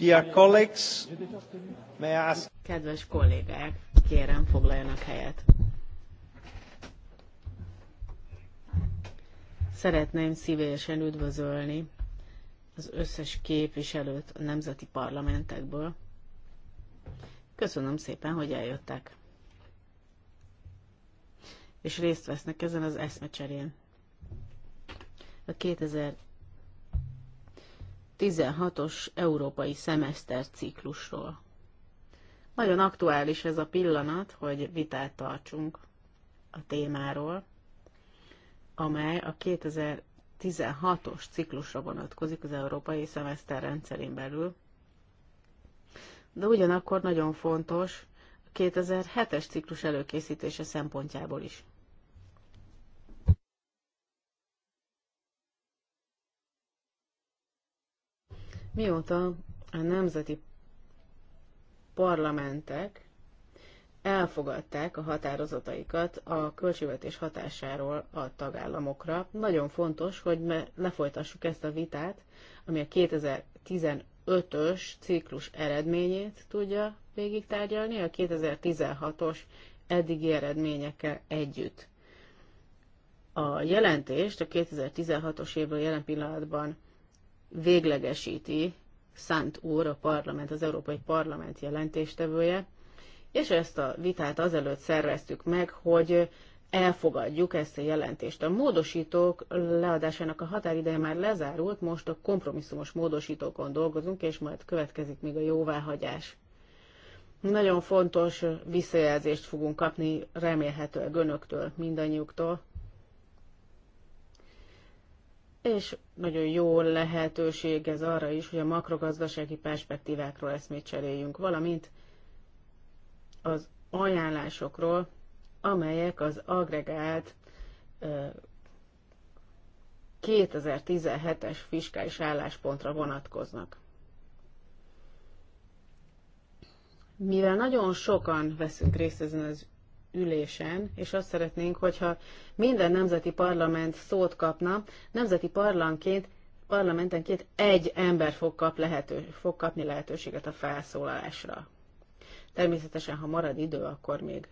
Dear colleagues, may I ask... Kedves kollégák, kérem foglaljanak helyet. Szeretném szívesen üdvözölni az összes képviselőt a nemzeti parlamentekből. Köszönöm szépen, hogy eljöttek. És részt vesznek ezen az eszmecserén. A 2000 2016 os európai szemeszter ciklusról. Nagyon aktuális ez a pillanat, hogy vitát tartsunk a témáról, amely a 2016-os ciklusra vonatkozik az európai szemeszter rendszerén belül, de ugyanakkor nagyon fontos a 2007-es ciklus előkészítése szempontjából is. mióta a nemzeti parlamentek elfogadták a határozataikat a költségvetés hatásáról a tagállamokra. Nagyon fontos, hogy me lefolytassuk ezt a vitát, ami a 2015-ös ciklus eredményét tudja végigtárgyalni, a 2016-os eddigi eredményekkel együtt. A jelentést a 2016-os évből jelen pillanatban véglegesíti Szent úr, a parlament, az Európai Parlament jelentéstevője, és ezt a vitát azelőtt szerveztük meg, hogy elfogadjuk ezt a jelentést. A módosítók leadásának a határideje már lezárult, most a kompromisszumos módosítókon dolgozunk, és majd következik még a jóváhagyás. Nagyon fontos visszajelzést fogunk kapni remélhetőleg önöktől, mindannyiuktól, és nagyon jó lehetőség ez arra is, hogy a makrogazdasági perspektívákról eszmét cseréljünk, valamint az ajánlásokról, amelyek az agregált 2017-es fiskális álláspontra vonatkoznak. Mivel nagyon sokan veszünk részt ezen az ülésen, és azt szeretnénk, hogyha minden nemzeti parlament szót kapna, nemzeti parlanként, parlamentenként egy ember fog, kap lehető, fog kapni lehetőséget a felszólalásra. Természetesen, ha marad idő, akkor még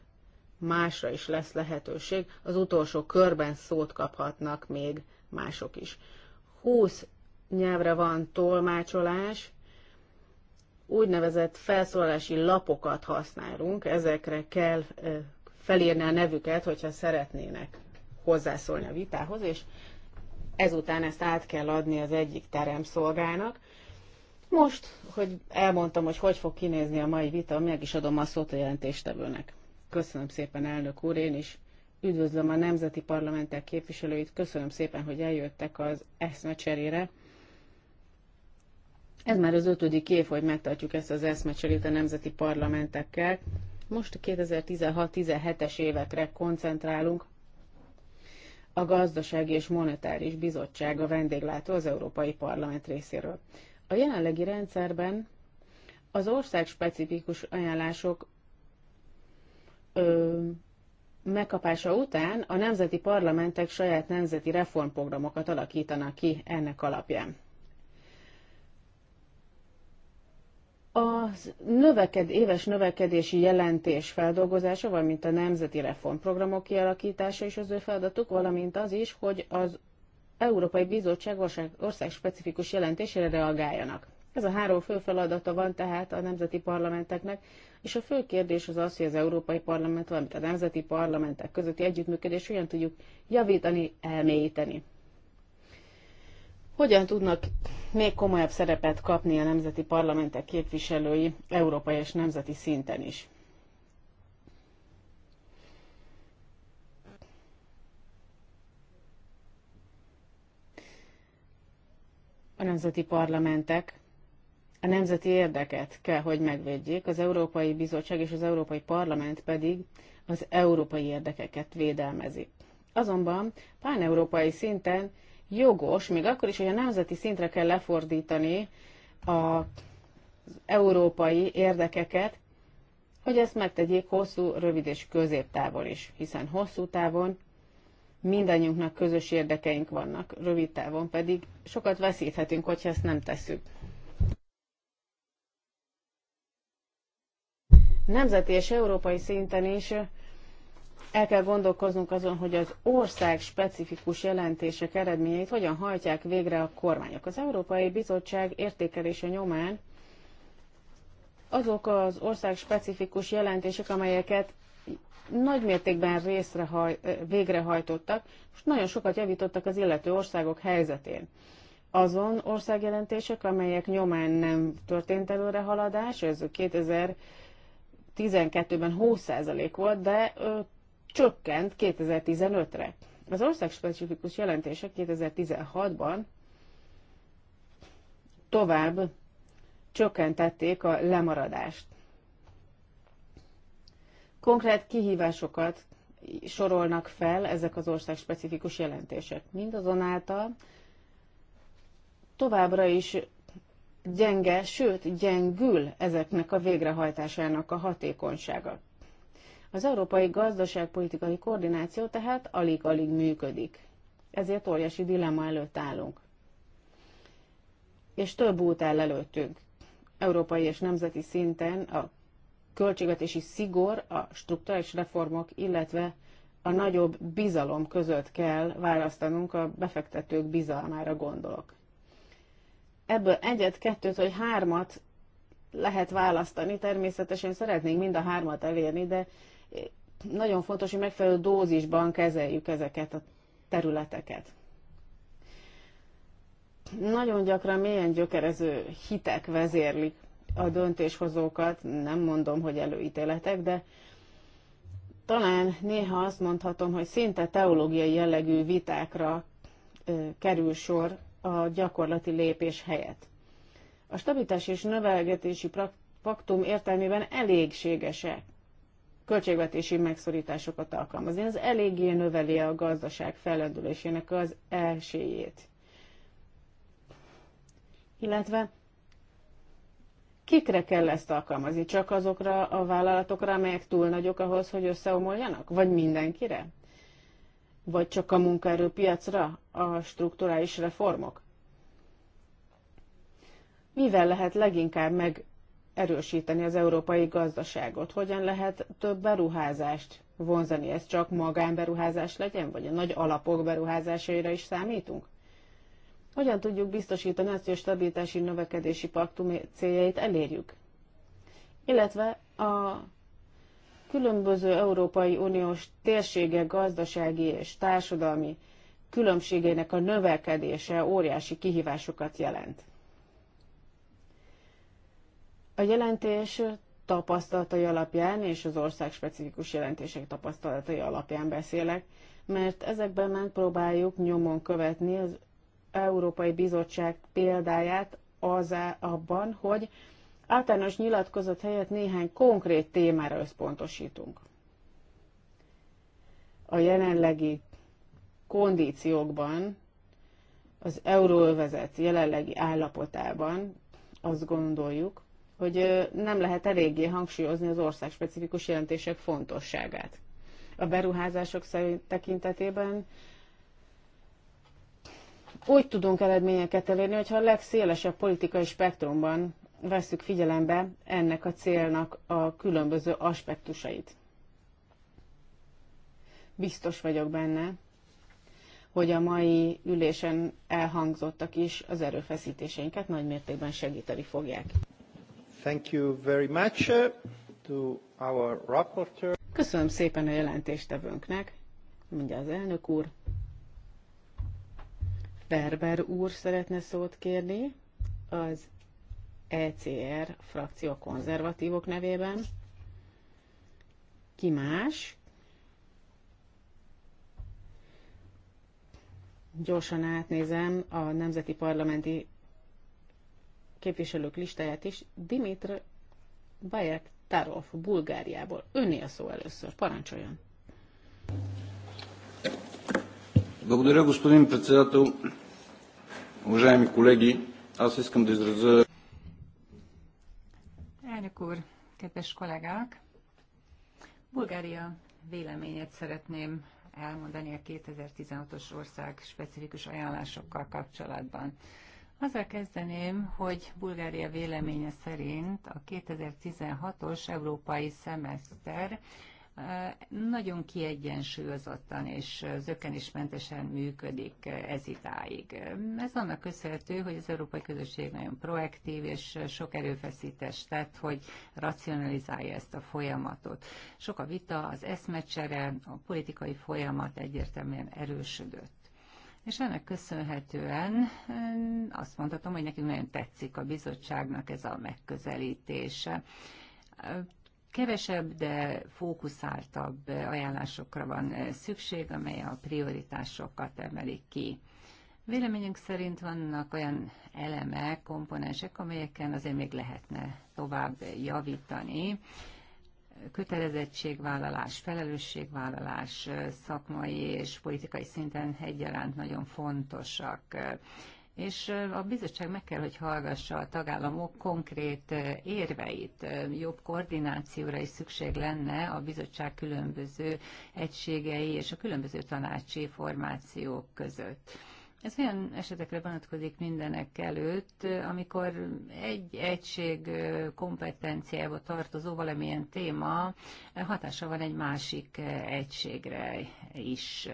másra is lesz lehetőség. Az utolsó körben szót kaphatnak még mások is. 20 nyelvre van tolmácsolás, úgynevezett felszólalási lapokat használunk, ezekre kell felírni a nevüket, hogyha szeretnének hozzászólni a vitához, és ezután ezt át kell adni az egyik teremszolgának. Most, hogy elmondtam, hogy hogy fog kinézni a mai vita, meg is adom a szót a jelentéstevőnek. Köszönöm szépen, elnök úr, én is üdvözlöm a nemzeti parlamentek képviselőit, köszönöm szépen, hogy eljöttek az eszmecserére. Ez már az ötödik év, hogy megtartjuk ezt az eszmecserét a nemzeti parlamentekkel. Most a 2016-17-es évekre koncentrálunk. A Gazdasági és Monetáris Bizottság a vendéglátó az Európai Parlament részéről. A jelenlegi rendszerben az ország specifikus ajánlások ö, megkapása után a nemzeti parlamentek saját nemzeti reformprogramokat alakítanak ki ennek alapján. A növeked, éves növekedési jelentés feldolgozása, valamint a nemzeti reformprogramok kialakítása is az ő feladatuk, valamint az is, hogy az Európai Bizottság ország specifikus jelentésére reagáljanak. Ez a három fő feladata van tehát a nemzeti parlamenteknek, és a fő kérdés az az, hogy az Európai Parlament, valamint a nemzeti parlamentek közötti együttműködés hogyan tudjuk javítani, elmélyíteni hogyan tudnak még komolyabb szerepet kapni a nemzeti parlamentek képviselői európai és nemzeti szinten is. A nemzeti parlamentek a nemzeti érdeket kell, hogy megvédjék, az Európai Bizottság és az Európai Parlament pedig az európai érdekeket védelmezik. Azonban pán-európai szinten jogos, még akkor is, hogy a nemzeti szintre kell lefordítani az európai érdekeket, hogy ezt megtegyék hosszú, rövid és középtávon is, hiszen hosszú távon mindannyiunknak közös érdekeink vannak, rövid távon pedig sokat veszíthetünk, hogyha ezt nem tesszük. Nemzeti és európai szinten is el kell gondolkoznunk azon, hogy az ország specifikus jelentések eredményeit hogyan hajtják végre a kormányok. Az Európai Bizottság értékelése nyomán azok az ország specifikus jelentések, amelyeket nagy mértékben részre haj, végrehajtottak, most nagyon sokat javítottak az illető országok helyzetén. Azon országjelentések, amelyek nyomán nem történt előrehaladás, ez 2012-ben 20% volt, de csökkent 2015-re. Az országspecifikus jelentések 2016-ban tovább csökkentették a lemaradást. Konkrét kihívásokat sorolnak fel ezek az országspecifikus jelentések. Mindazonáltal továbbra is gyenge, sőt gyengül ezeknek a végrehajtásának a hatékonysága. Az európai gazdaságpolitikai koordináció tehát alig-alig működik. Ezért óriási dilemma előtt állunk. És több út áll előttünk. Európai és nemzeti szinten a költségvetési szigor, a struktúrális reformok, illetve a nagyobb bizalom között kell választanunk, a befektetők bizalmára gondolok. Ebből egyet, kettőt vagy hármat lehet választani, természetesen szeretnénk mind a hármat elérni, de nagyon fontos, hogy megfelelő dózisban kezeljük ezeket a területeket. Nagyon gyakran mélyen gyökerező hitek vezérlik a döntéshozókat, nem mondom, hogy előítéletek, de talán néha azt mondhatom, hogy szinte teológiai jellegű vitákra kerül sor a gyakorlati lépés helyett. A stabilitás és növelgetési paktum értelmében elégségesek költségvetési megszorításokat alkalmazni. Ez eléggé növeli a gazdaság fellendülésének az elsőjét. Illetve kikre kell ezt alkalmazni? Csak azokra a vállalatokra, amelyek túl nagyok ahhoz, hogy összeomoljanak? Vagy mindenkire? Vagy csak a munkaerőpiacra a strukturális reformok? Mivel lehet leginkább meg erősíteni az európai gazdaságot? Hogyan lehet több beruházást vonzani? Ez csak magánberuházás legyen, vagy a nagy alapok beruházásaira is számítunk? Hogyan tudjuk biztosítani azt, hogy a stabilitási növekedési paktum céljait elérjük? Illetve a különböző Európai Uniós térségek gazdasági és társadalmi különbségeinek a növekedése óriási kihívásokat jelent. A jelentés tapasztalatai alapján és az ország specifikus jelentések tapasztalatai alapján beszélek, mert ezekben megpróbáljuk nyomon követni az Európai Bizottság példáját az e- abban, hogy általános nyilatkozat helyett néhány konkrét témára összpontosítunk. A jelenlegi kondíciókban, az euróövezet jelenlegi állapotában azt gondoljuk, hogy nem lehet eléggé hangsúlyozni az ország specifikus jelentések fontosságát. A beruházások szerint tekintetében úgy tudunk eredményeket elérni, hogyha a legszélesebb politikai spektrumban vesszük figyelembe ennek a célnak a különböző aspektusait. Biztos vagyok benne, hogy a mai ülésen elhangzottak is az erőfeszítéseinket nagy mértékben segíteni fogják. Thank you very much uh, to our rapporteur. Köszönöm szépen a jelentéstevőnknek, mondja az elnök úr. Berber úr szeretne szót kérni az ECR frakció konzervatívok nevében. Ki más? Gyorsan átnézem a nemzeti parlamenti képviselők listáját is, Dimitr Bajek Tarov Bulgáriából. Önné szó először, parancsoljon. Благодаря, господин председател. Уважаеми колеги, аз искам да изразя... Елекур, úr, колегак. kollégák! Bulgária véleményét szeretném elmondani a 2016-os ország specifikus ajánlásokkal kapcsolatban. Azzal kezdeném, hogy Bulgária véleménye szerint a 2016-os európai szemeszter eh, nagyon kiegyensúlyozottan és eh, zökenismentesen működik eh, ez idáig. Ez annak köszönhető, hogy az európai közösség nagyon proaktív és sok erőfeszítést tett, hogy racionalizálja ezt a folyamatot. Sok a vita, az eszmecsere, a politikai folyamat egyértelműen erősödött. És ennek köszönhetően eh, azt mondhatom, hogy nekünk nagyon tetszik a bizottságnak ez a megközelítése. Eh, kevesebb, de fókuszáltabb ajánlásokra van eh, szükség, amely a prioritásokat emelik ki. Véleményünk szerint vannak olyan elemek, komponensek, amelyeken azért még lehetne tovább javítani kötelezettségvállalás, felelősségvállalás szakmai és politikai szinten egyaránt nagyon fontosak. És a bizottság meg kell, hogy hallgassa a tagállamok konkrét érveit. Jobb koordinációra is szükség lenne a bizottság különböző egységei és a különböző tanácsi formációk között ez olyan esetekre vonatkozik mindenek előtt, amikor egy egység kompetenciába tartozó valamilyen téma hatása van egy másik egységre is.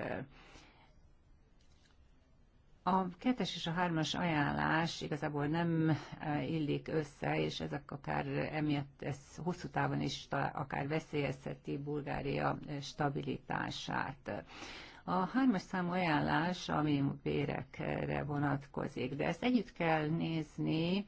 A kettes és a hármas ajánlás igazából nem illik össze, és ezek akár emiatt ez hosszú távon is akár veszélyezheti Bulgária stabilitását. A hármas számú ajánlás a bérekre vonatkozik, de ezt együtt kell nézni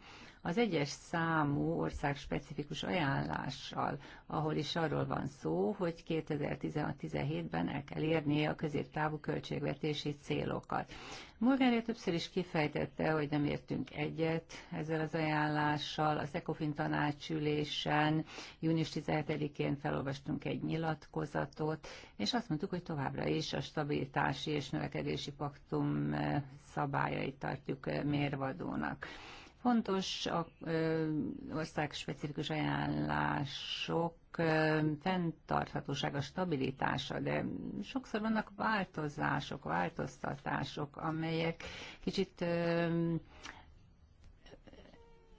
az egyes számú ország specifikus ajánlással, ahol is arról van szó, hogy 2016-17-ben el kell érnie a középtávú költségvetési célokat. Morgánia többször is kifejtette, hogy nem értünk egyet ezzel az ajánlással. Az ECOFIN tanácsülésen június 17-én felolvastunk egy nyilatkozatot, és azt mondtuk, hogy továbbra is a stabilitási és növekedési paktum eh, szabályait tartjuk eh, mérvadónak. Fontos a specifikus ajánlások fenntarthatósága, stabilitása, de sokszor vannak változások, változtatások, amelyek kicsit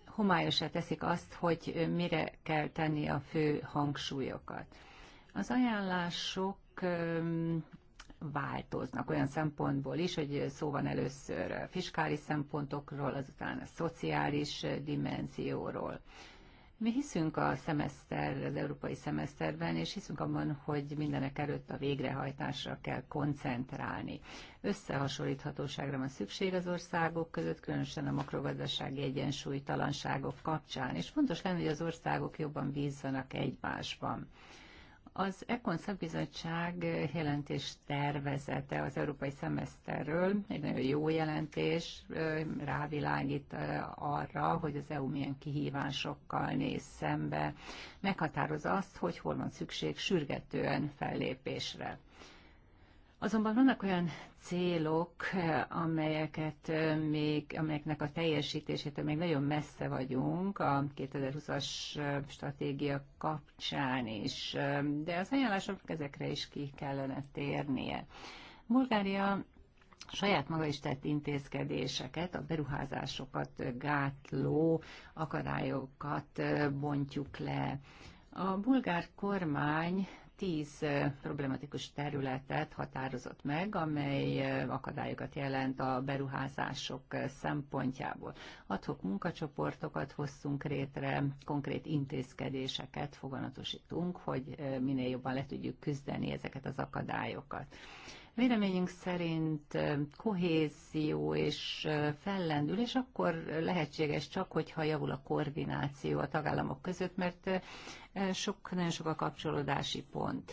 homályosá teszik azt, hogy mire kell tenni a fő hangsúlyokat. Az ajánlások változnak olyan szempontból is, hogy szó van először fiskális szempontokról, azután a szociális dimenzióról. Mi hiszünk a szemeszter, az európai szemeszterben, és hiszünk abban, hogy mindenek előtt a végrehajtásra kell koncentrálni. Összehasonlíthatóságra van szükség az országok között, különösen a makrogazdasági egyensúlytalanságok kapcsán, és fontos lenne, hogy az országok jobban bízzanak egymásban. Az ECON szakbizottság jelentés tervezete az európai szemeszterről, egy nagyon jó jelentés, rávilágít arra, hogy az EU milyen kihívásokkal néz szembe, meghatározza azt, hogy hol van szükség sürgetően fellépésre. Azonban vannak olyan célok, amelyeket még, amelyeknek a teljesítésétől még nagyon messze vagyunk a 2020-as stratégia kapcsán is, de az ajánlások ezekre is ki kellene térnie. Bulgária saját maga is tett intézkedéseket, a beruházásokat gátló akadályokat bontjuk le. A bulgár kormány tíz problematikus területet határozott meg, amely akadályokat jelent a beruházások szempontjából. Adhok munkacsoportokat hoztunk rétre, konkrét intézkedéseket foganatosítunk, hogy minél jobban le tudjuk küzdeni ezeket az akadályokat. Véleményünk szerint kohézió és fellendülés akkor lehetséges csak, hogyha javul a koordináció a tagállamok között, mert sok, nagyon sok a kapcsolódási pont.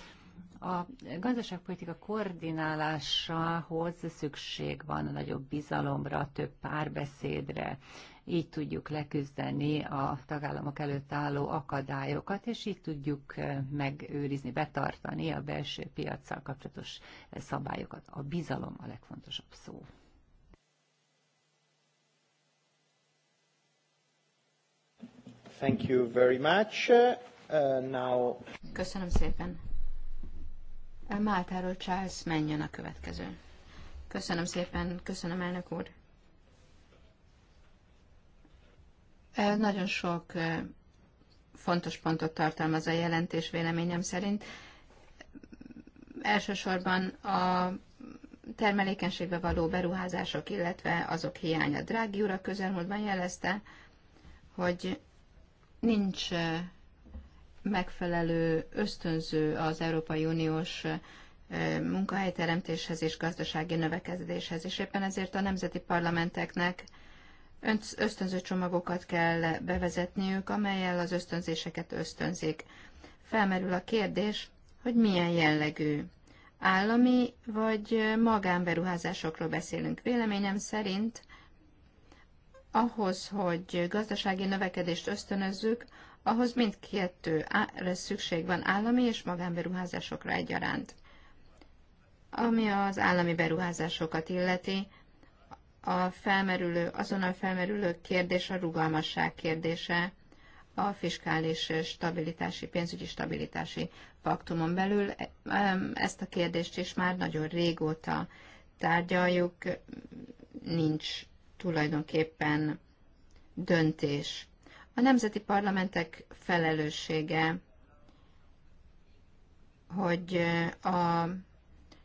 A gazdaságpolitika koordinálásához szükség van a nagyobb bizalomra, több párbeszédre, így tudjuk leküzdeni a tagállamok előtt álló akadályokat, és így tudjuk eh, megőrizni, betartani a belső piacsal kapcsolatos eh, szabályokat. A bizalom a legfontosabb szó. Thank you very much. Uh, now... Köszönöm szépen. Uh, Máltáról Charles menjen a következő. Köszönöm szépen, köszönöm elnök úr. Uh, nagyon sok uh, fontos pontot tartalmaz a jelentés véleményem szerint. Elsősorban a termelékenységbe való beruházások, illetve azok hiánya. Drági úr a közelmúltban jelezte, hogy nincs megfelelő ösztönző az Európai Uniós munkahelyteremtéshez és gazdasági növekedéshez, és éppen ezért a nemzeti parlamenteknek ösztönző csomagokat kell bevezetniük, amelyel az ösztönzéseket ösztönzik. Felmerül a kérdés, hogy milyen jellegű állami vagy magánberuházásokról beszélünk. Véleményem szerint ahhoz, hogy gazdasági növekedést ösztönözzük, ahhoz mindkettőre szükség van állami és magánberuházásokra egyaránt. Ami az állami beruházásokat illeti, a felmerülő, azonnal felmerülő kérdés a rugalmasság kérdése a fiskális stabilitási, pénzügyi stabilitási paktumon belül. Ezt a kérdést is már nagyon régóta tárgyaljuk, nincs tulajdonképpen döntés a nemzeti parlamentek felelőssége, hogy eh, a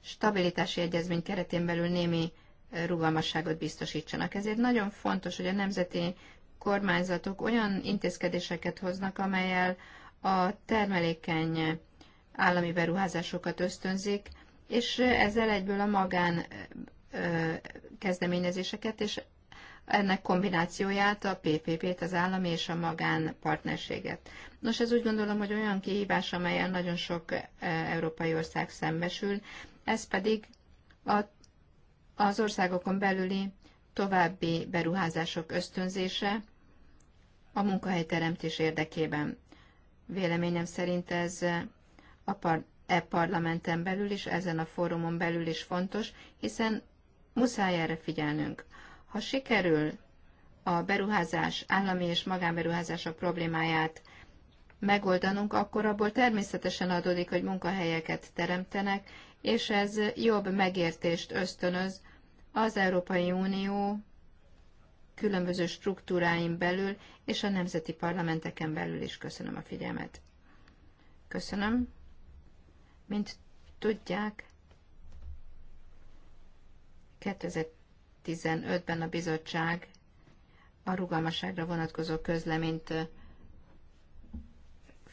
stabilitási egyezmény keretén belül némi eh, rugalmasságot biztosítsanak. Ezért nagyon fontos, hogy a nemzeti kormányzatok olyan intézkedéseket hoznak, amelyel a termelékeny eh, állami beruházásokat ösztönzik, és ezzel egyből a magán kezdeményezéseket és ennek kombinációját, a PPP-t, az állami és a magán partnerséget. Nos, ez úgy gondolom, hogy olyan kihívás, amelyen nagyon sok e, európai ország szembesül, ez pedig a, az országokon belüli további beruházások ösztönzése a munkahelyteremtés érdekében. Véleményem szerint ez a par- e parlamenten belül is, ezen a fórumon belül is fontos, hiszen muszáj erre figyelnünk. Ha sikerül a beruházás, állami és magánberuházások problémáját megoldanunk, akkor abból természetesen adódik, hogy munkahelyeket teremtenek, és ez jobb megértést ösztönöz az Európai Unió különböző struktúráin belül és a nemzeti parlamenteken belül is. Köszönöm a figyelmet. Köszönöm. Mint tudják, 2000 2015-ben a bizottság a rugalmasságra vonatkozó közleményt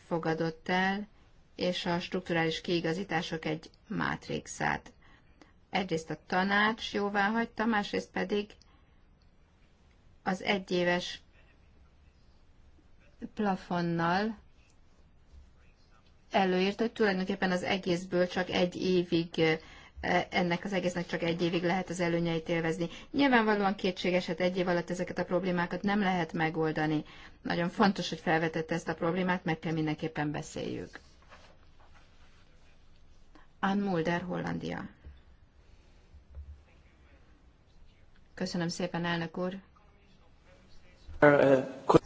fogadott el, és a strukturális kiigazítások egy mátrixát. Egyrészt a tanács jóvá hagyta, másrészt pedig az egyéves plafonnal előírt, hogy tulajdonképpen az egészből csak egy évig E, ennek az egésznek csak egy évig lehet az előnyeit élvezni. Nyilvánvalóan kétséges, hát egy év alatt ezeket a problémákat nem lehet megoldani. Nagyon fontos, hogy felvetette ezt a problémát, meg kell mindenképpen beszéljük. Ann Mulder, Hollandia. Köszönöm szépen, elnök úr. A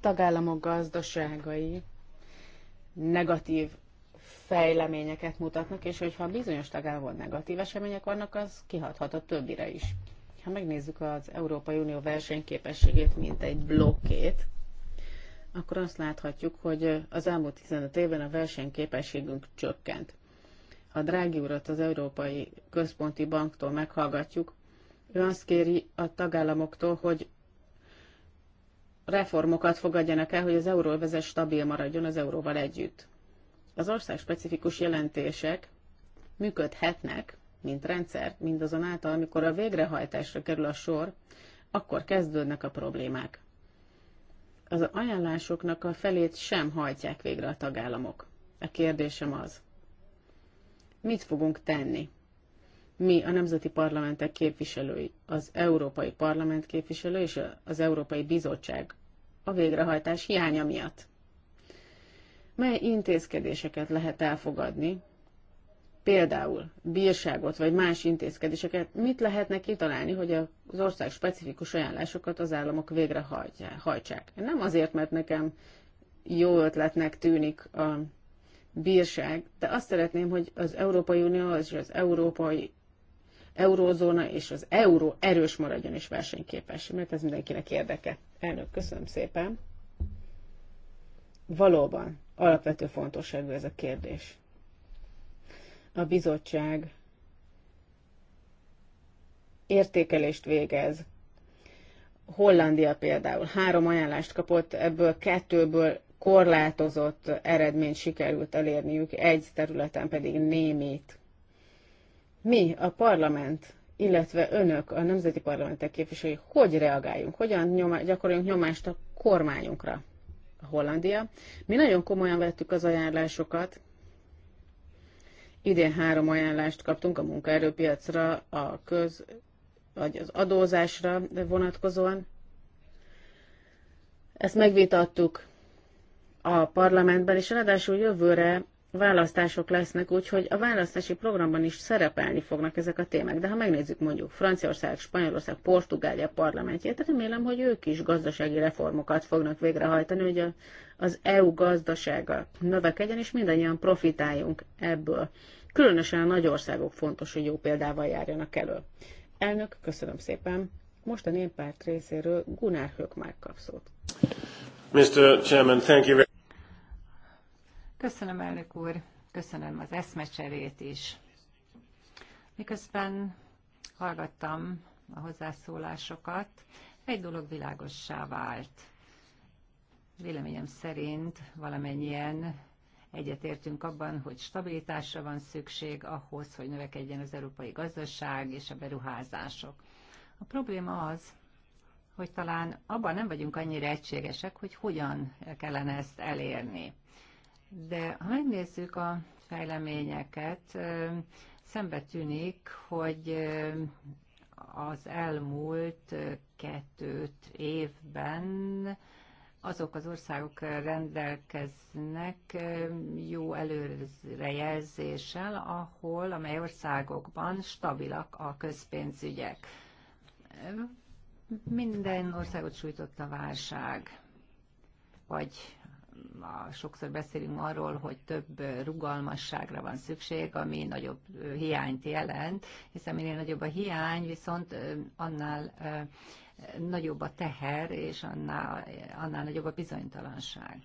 tagállamok gazdaságai negatív fejleményeket mutatnak, és hogyha bizonyos tagállamon negatív események vannak, az kihathat a többire is. Ha megnézzük az Európai Unió versenyképességét, mint egy blokkét, akkor azt láthatjuk, hogy az elmúlt 15 évben a versenyképességünk csökkent. Ha Drági urat az Európai Központi Banktól meghallgatjuk, ő azt kéri a tagállamoktól, hogy reformokat fogadjanak el, hogy az euróvezet stabil maradjon az euróval együtt. Az ország specifikus jelentések működhetnek, mint rendszer, mindazonáltal, amikor a végrehajtásra kerül a sor, akkor kezdődnek a problémák. Az ajánlásoknak a felét sem hajtják végre a tagállamok. A kérdésem az, mit fogunk tenni? Mi, a nemzeti parlamentek képviselői, az Európai Parlament képviselői, és az Európai Bizottság a végrehajtás hiánya miatt mely intézkedéseket lehet elfogadni, például bírságot vagy más intézkedéseket, mit lehetne kitalálni, hogy az ország specifikus ajánlásokat az államok végre hajtsák. Nem azért, mert nekem jó ötletnek tűnik a bírság, de azt szeretném, hogy az Európai Unió és az Európai Eurózóna és az euró erős maradjon és versenyképes, mert ez mindenkinek érdeke. Elnök, köszönöm szépen! Valóban, alapvető fontosságú ez a kérdés. A bizottság értékelést végez. Hollandia például három ajánlást kapott, ebből kettőből korlátozott eredményt sikerült elérniük, egy területen pedig némit. Mi, a parlament, illetve önök, a nemzeti parlamentek képviselői, hogy reagáljunk, hogyan nyoma, gyakoroljunk nyomást a kormányunkra? Hollandia. Mi nagyon komolyan vettük az ajánlásokat. Idén három ajánlást kaptunk a munkaerőpiacra, a köz, vagy az adózásra vonatkozóan. Ezt megvitattuk a parlamentben, és ráadásul jövőre választások lesznek, úgyhogy a választási programban is szerepelni fognak ezek a témák. De ha megnézzük mondjuk Franciaország, Spanyolország, Portugália parlamentjét, remélem, hogy ők is gazdasági reformokat fognak végrehajtani, hogy a, az EU gazdasága növekedjen, és mindannyian profitáljunk ebből. Különösen a nagy országok fontos, hogy jó példával járjanak elő. Elnök, köszönöm szépen. Most a néppárt részéről Gunár Hökmár kap szót. Mr. Chairman, thank you very Köszönöm, elnök úr, köszönöm az eszmecserét is. Miközben hallgattam a hozzászólásokat, egy dolog világossá vált. Véleményem szerint valamennyien egyetértünk abban, hogy stabilitásra van szükség ahhoz, hogy növekedjen az európai gazdaság és a beruházások. A probléma az, hogy talán abban nem vagyunk annyira egységesek, hogy hogyan kellene ezt elérni. De ha megnézzük a fejleményeket, szembe tűnik, hogy az elmúlt kettőt évben azok az országok rendelkeznek jó előrejelzéssel, ahol, amely országokban stabilak a közpénzügyek. Minden országot sújtott a válság, vagy sokszor beszélünk arról, hogy több rugalmasságra van szükség, ami nagyobb hiányt jelent, hiszen minél nagyobb a hiány, viszont annál nagyobb a teher, és annál, annál nagyobb a bizonytalanság.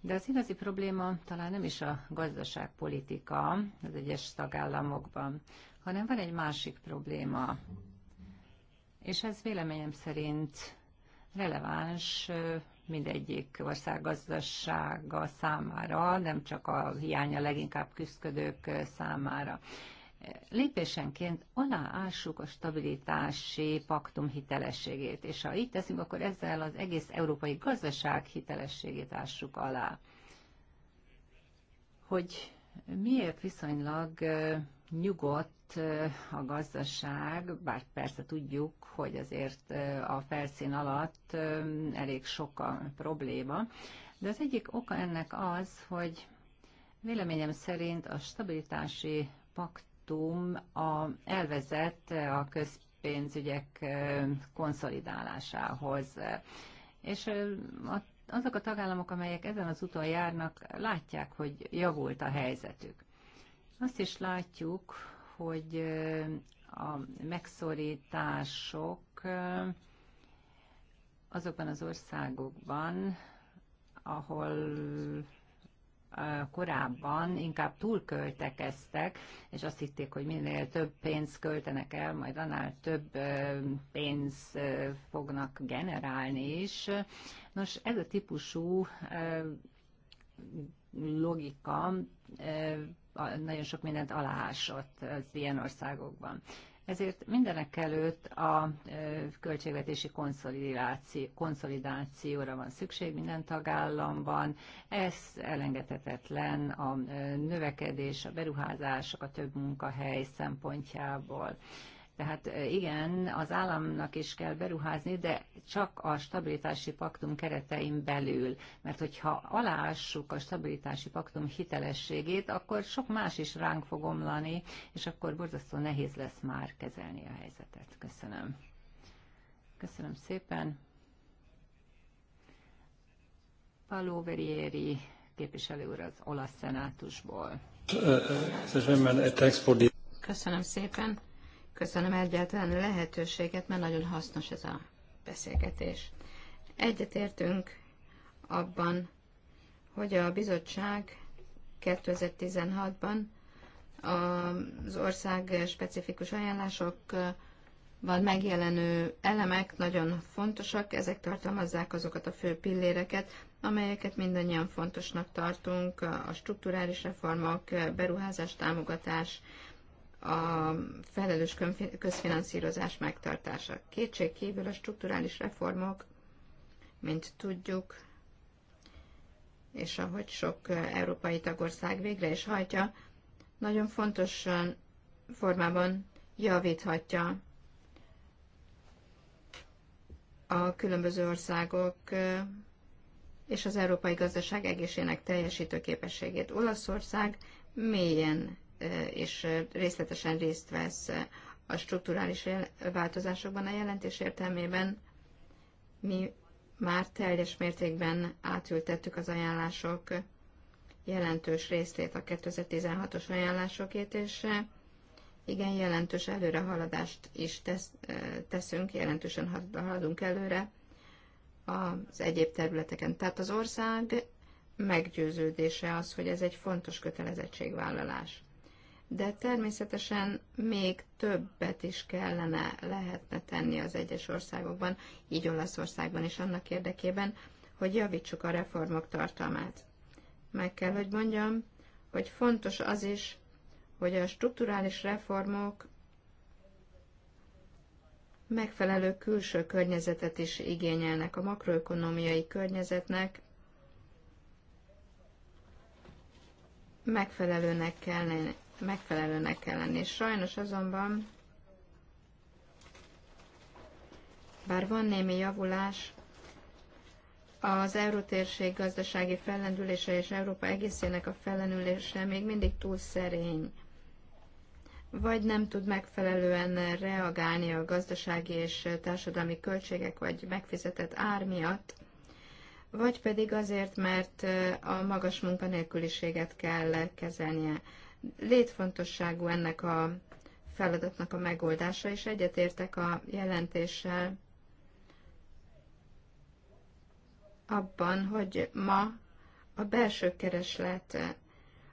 De az igazi probléma talán nem is a gazdaságpolitika az egyes tagállamokban, hanem van egy másik probléma, és ez véleményem szerint releváns mindegyik ország gazdasága számára, nem csak a hiánya leginkább küzdködők számára. Lépésenként aláássuk a stabilitási paktum hitelességét, és ha így teszünk, akkor ezzel az egész európai gazdaság hitelességét ássuk alá. Hogy miért viszonylag nyugodt a gazdaság, bár persze tudjuk, hogy azért a felszín alatt elég sok a probléma, de az egyik oka ennek az, hogy véleményem szerint a stabilitási paktum a, elvezet a közpénzügyek konszolidálásához. És a azok a tagállamok, amelyek ezen az úton járnak, látják, hogy javult a helyzetük. Azt is látjuk, hogy a megszorítások azokban az országokban, ahol korábban inkább túlköltekeztek, és azt hitték, hogy minél több pénzt költenek el, majd annál több pénz fognak generálni is. Nos, ez a típusú logika nagyon sok mindent aláásott az ilyen országokban. Ezért mindenek előtt a költségvetési konszolidációra van szükség minden tagállamban. Ez elengedhetetlen a növekedés, a beruházások, a több munkahely szempontjából. Tehát igen, az államnak is kell beruházni, de csak a stabilitási paktum keretein belül. Mert hogyha alássuk a stabilitási paktum hitelességét, akkor sok más is ránk fog omlani, és akkor borzasztó nehéz lesz már kezelni a helyzetet. Köszönöm. Köszönöm szépen. Paolo Verieri képviselő úr az olasz szenátusból. Köszönöm szépen. Köszönöm egyáltalán a lehetőséget, mert nagyon hasznos ez a beszélgetés. Egyetértünk abban, hogy a bizottság 2016-ban az ország specifikus ajánlásokban megjelenő elemek nagyon fontosak, ezek tartalmazzák azokat a fő pilléreket, amelyeket mindannyian fontosnak tartunk, a strukturális reformok, beruházás, támogatás, a felelős közfinanszírozás megtartása. Kétség kívül a strukturális reformok, mint tudjuk, és ahogy sok európai tagország végre is hajtja, nagyon fontos formában javíthatja a különböző országok és az európai gazdaság egészének teljesítő képességét. Olaszország mélyen és részletesen részt vesz a strukturális változásokban. A jelentés értelmében mi már teljes mértékben átültettük az ajánlások jelentős részét a 2016-os ajánlásokét, és igen, jelentős előrehaladást is tesz, teszünk, jelentősen haladunk előre az egyéb területeken. Tehát az ország meggyőződése az, hogy ez egy fontos kötelezettségvállalás de természetesen még többet is kellene, lehetne tenni az egyes országokban, így Olaszországban is annak érdekében, hogy javítsuk a reformok tartalmát. Meg kell, hogy mondjam, hogy fontos az is, hogy a strukturális reformok megfelelő külső környezetet is igényelnek a makroökonomiai környezetnek, megfelelőnek kellene megfelelőnek kell lenni. Sajnos azonban, bár van némi javulás, az eurótérség gazdasági fellendülése és Európa egészének a fellendülése még mindig túl szerény, vagy nem tud megfelelően reagálni a gazdasági és társadalmi költségek vagy megfizetett ár miatt, vagy pedig azért, mert a magas munkanélküliséget kell kezelnie. Létfontosságú ennek a feladatnak a megoldása, és egyetértek a jelentéssel abban, hogy ma a belső kereslet,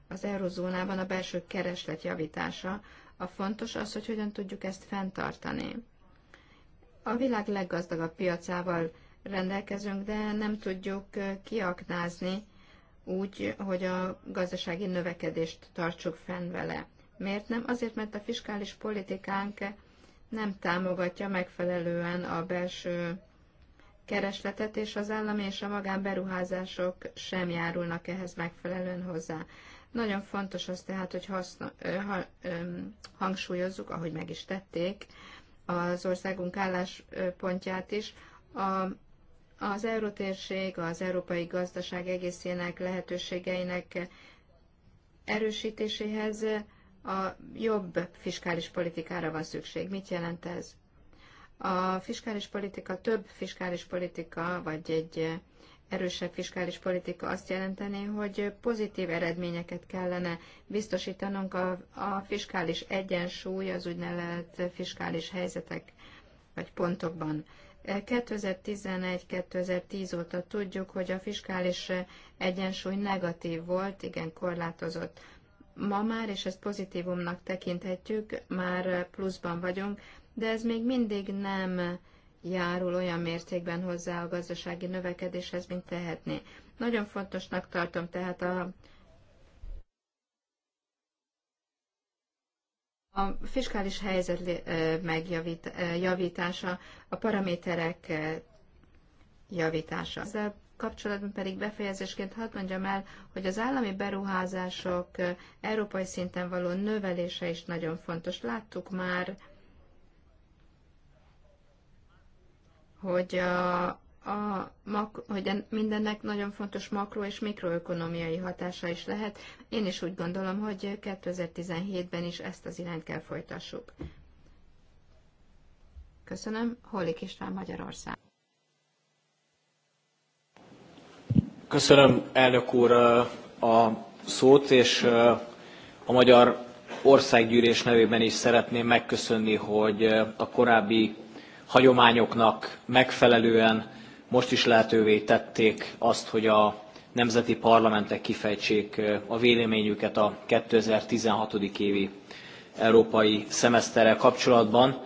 az eurozónában a belső kereslet javítása, a fontos az, hogy hogyan tudjuk ezt fenntartani. A világ leggazdagabb piacával rendelkezünk, de nem tudjuk kiaknázni úgy, hogy a gazdasági növekedést tartsuk fenn vele. Miért nem? Azért, mert a fiskális politikánk nem támogatja megfelelően a belső keresletet, és az állami és a magánberuházások sem járulnak ehhez megfelelően hozzá. Nagyon fontos az tehát, hogy haszna, ha, hangsúlyozzuk, ahogy meg is tették, az országunk álláspontját is, a az eurotérség az európai gazdaság egészének lehetőségeinek erősítéséhez a jobb fiskális politikára van szükség. Mit jelent ez? A fiskális politika, több fiskális politika, vagy egy erősebb fiskális politika azt jelenteni, hogy pozitív eredményeket kellene biztosítanunk a, a fiskális egyensúly, az úgynevezett fiskális helyzetek vagy pontokban. 2011-2010 óta tudjuk, hogy a fiskális egyensúly negatív volt, igen korlátozott. Ma már, és ezt pozitívumnak tekinthetjük, már pluszban vagyunk, de ez még mindig nem járul olyan mértékben hozzá a gazdasági növekedéshez, mint tehetné. Nagyon fontosnak tartom tehát a A fiskális helyzet eh, megjavítása, eh, a paraméterek eh, javítása. Ezzel kapcsolatban pedig befejezésként hadd mondjam el, hogy az állami beruházások európai szinten való növelése is nagyon fontos. Láttuk már, hogy a, a, hogy mindennek nagyon fontos makro- és mikroökonomiai hatása is lehet. Én is úgy gondolom, hogy 2017-ben is ezt az irányt kell folytassuk. Köszönöm. Holik István, Magyarország. Köszönöm, elnök úr, a szót, és a Magyar Országgyűlés nevében is szeretném megköszönni, hogy a korábbi hagyományoknak megfelelően most is lehetővé tették azt, hogy a nemzeti parlamentek kifejtsék a véleményüket a 2016. évi európai szemeszterrel kapcsolatban.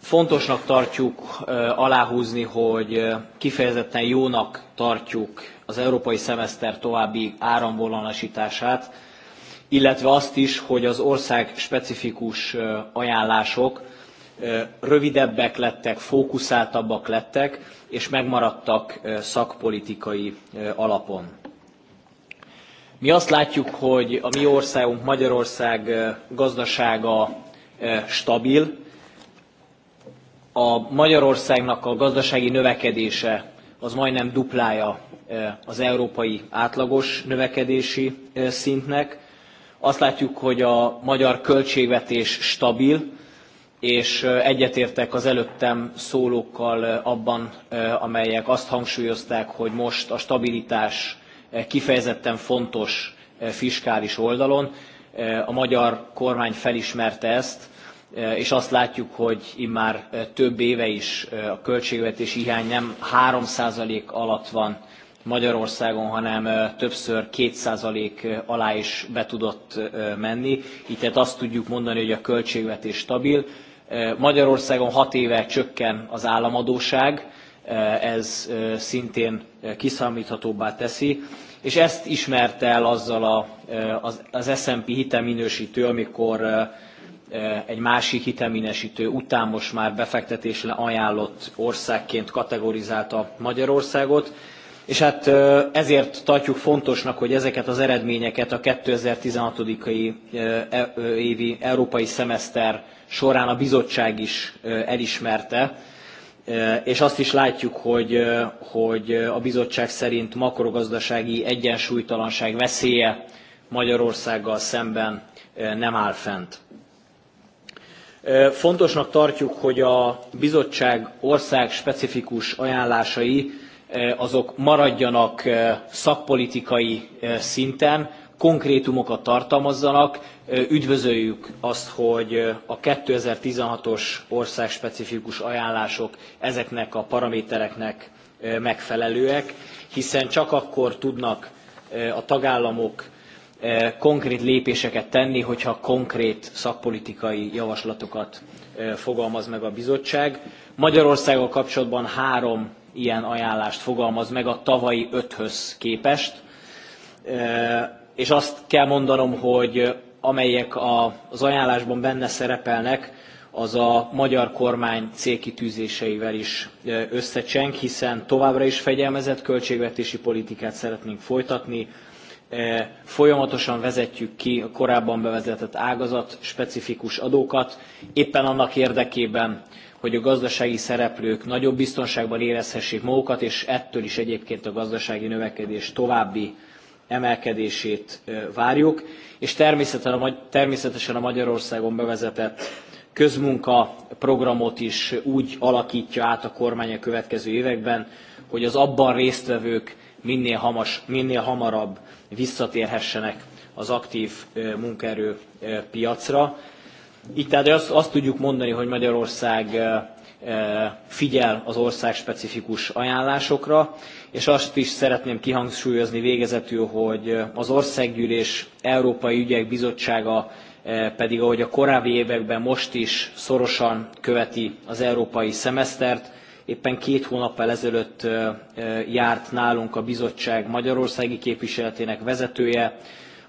Fontosnak tartjuk aláhúzni, hogy kifejezetten jónak tartjuk az európai szemeszter további áramvonalasítását, illetve azt is, hogy az ország specifikus ajánlások rövidebbek lettek, fókuszáltabbak lettek, és megmaradtak szakpolitikai alapon. Mi azt látjuk, hogy a mi országunk, Magyarország gazdasága stabil. A Magyarországnak a gazdasági növekedése az majdnem duplája az európai átlagos növekedési szintnek. Azt látjuk, hogy a magyar költségvetés stabil, és egyetértek az előttem szólókkal abban, amelyek azt hangsúlyozták, hogy most a stabilitás kifejezetten fontos fiskális oldalon. A magyar kormány felismerte ezt, és azt látjuk, hogy immár több éve is a költségvetési hiány nem 3% alatt van Magyarországon, hanem többször 2% alá is be tudott menni. Itt tehát azt tudjuk mondani, hogy a költségvetés stabil. Magyarországon hat éve csökken az államadóság, ez szintén kiszámíthatóbbá teszi, és ezt ismerte el azzal a, az, az S&P hitelminősítő, amikor egy másik hitelminősítő után most már befektetésre ajánlott országként kategorizálta Magyarországot, és hát ezért tartjuk fontosnak, hogy ezeket az eredményeket a 2016. E, évi európai szemeszter során a bizottság is elismerte, és azt is látjuk, hogy, hogy a bizottság szerint makrogazdasági egyensúlytalanság veszélye Magyarországgal szemben nem áll fent. Fontosnak tartjuk, hogy a bizottság ország specifikus ajánlásai azok maradjanak szakpolitikai szinten, konkrétumokat tartalmazzanak. Üdvözöljük azt, hogy a 2016-os országspecifikus ajánlások ezeknek a paramétereknek megfelelőek, hiszen csak akkor tudnak a tagállamok konkrét lépéseket tenni, hogyha konkrét szakpolitikai javaslatokat fogalmaz meg a bizottság. Magyarországgal kapcsolatban három ilyen ajánlást fogalmaz meg a tavalyi öthöz képest és azt kell mondanom, hogy amelyek a, az ajánlásban benne szerepelnek, az a magyar kormány célkitűzéseivel is összecseng, hiszen továbbra is fegyelmezett költségvetési politikát szeretnénk folytatni, folyamatosan vezetjük ki a korábban bevezetett ágazat specifikus adókat, éppen annak érdekében, hogy a gazdasági szereplők nagyobb biztonságban érezhessék magukat, és ettől is egyébként a gazdasági növekedés további emelkedését várjuk, és természetesen a Magyarországon bevezetett közmunka programot is úgy alakítja át a kormány a következő években, hogy az abban résztvevők minél, hamas, minél hamarabb visszatérhessenek az aktív munkaerő piacra. Így tehát azt, azt tudjuk mondani, hogy Magyarország figyel az ország specifikus ajánlásokra, és azt is szeretném kihangsúlyozni végezetül, hogy eh, az Országgyűlés Európai Ügyek Bizottsága eh, pedig, ahogy a korábbi években most is szorosan követi az európai szemesztert. Éppen két hónappal ezelőtt eh, járt nálunk a bizottság magyarországi képviseletének vezetője,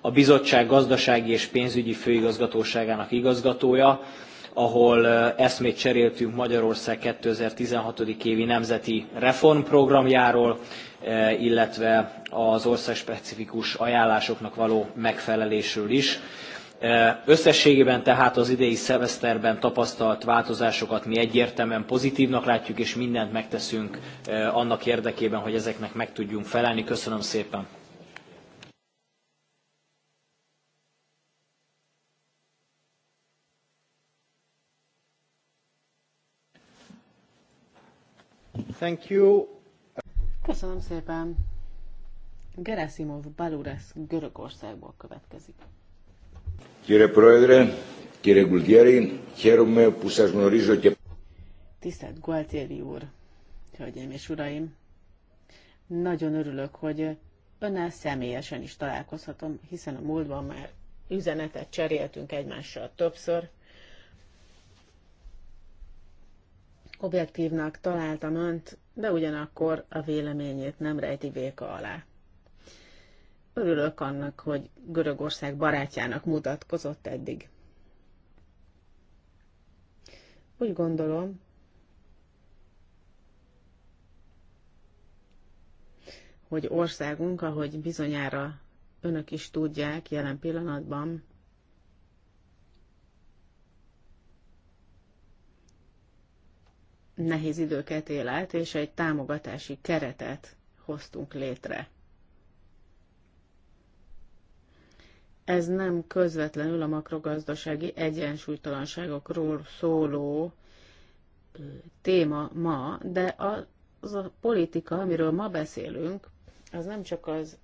a bizottság gazdasági és pénzügyi főigazgatóságának igazgatója, ahol eszmét cseréltünk Magyarország 2016. évi nemzeti reformprogramjáról, illetve az országspecifikus ajánlásoknak való megfelelésről is. Összességében tehát az idei szemeszterben tapasztalt változásokat mi egyértelműen pozitívnak látjuk, és mindent megteszünk annak érdekében, hogy ezeknek meg tudjunk felelni. Köszönöm szépen! Thank you. Köszönöm szépen. Gerasimov Balures Görögországból következik. Kire Proedre, kire Gulgieri, kérome, puszás γνωρίζω και... Tisztelt Gualtieri úr, hölgyeim és uraim, nagyon örülök, hogy önnel személyesen is találkozhatom, hiszen a múltban már üzenetet cseréltünk egymással többször, objektívnak találtam önt, de ugyanakkor a véleményét nem rejti véka alá. Örülök annak, hogy Görögország barátjának mutatkozott eddig. Úgy gondolom, hogy országunk, ahogy bizonyára önök is tudják, jelen pillanatban nehéz időket él át, és egy támogatási keretet hoztunk létre. Ez nem közvetlenül a makrogazdasági egyensúlytalanságokról szóló téma ma, de az a politika, amiről ma beszélünk, az nem csak az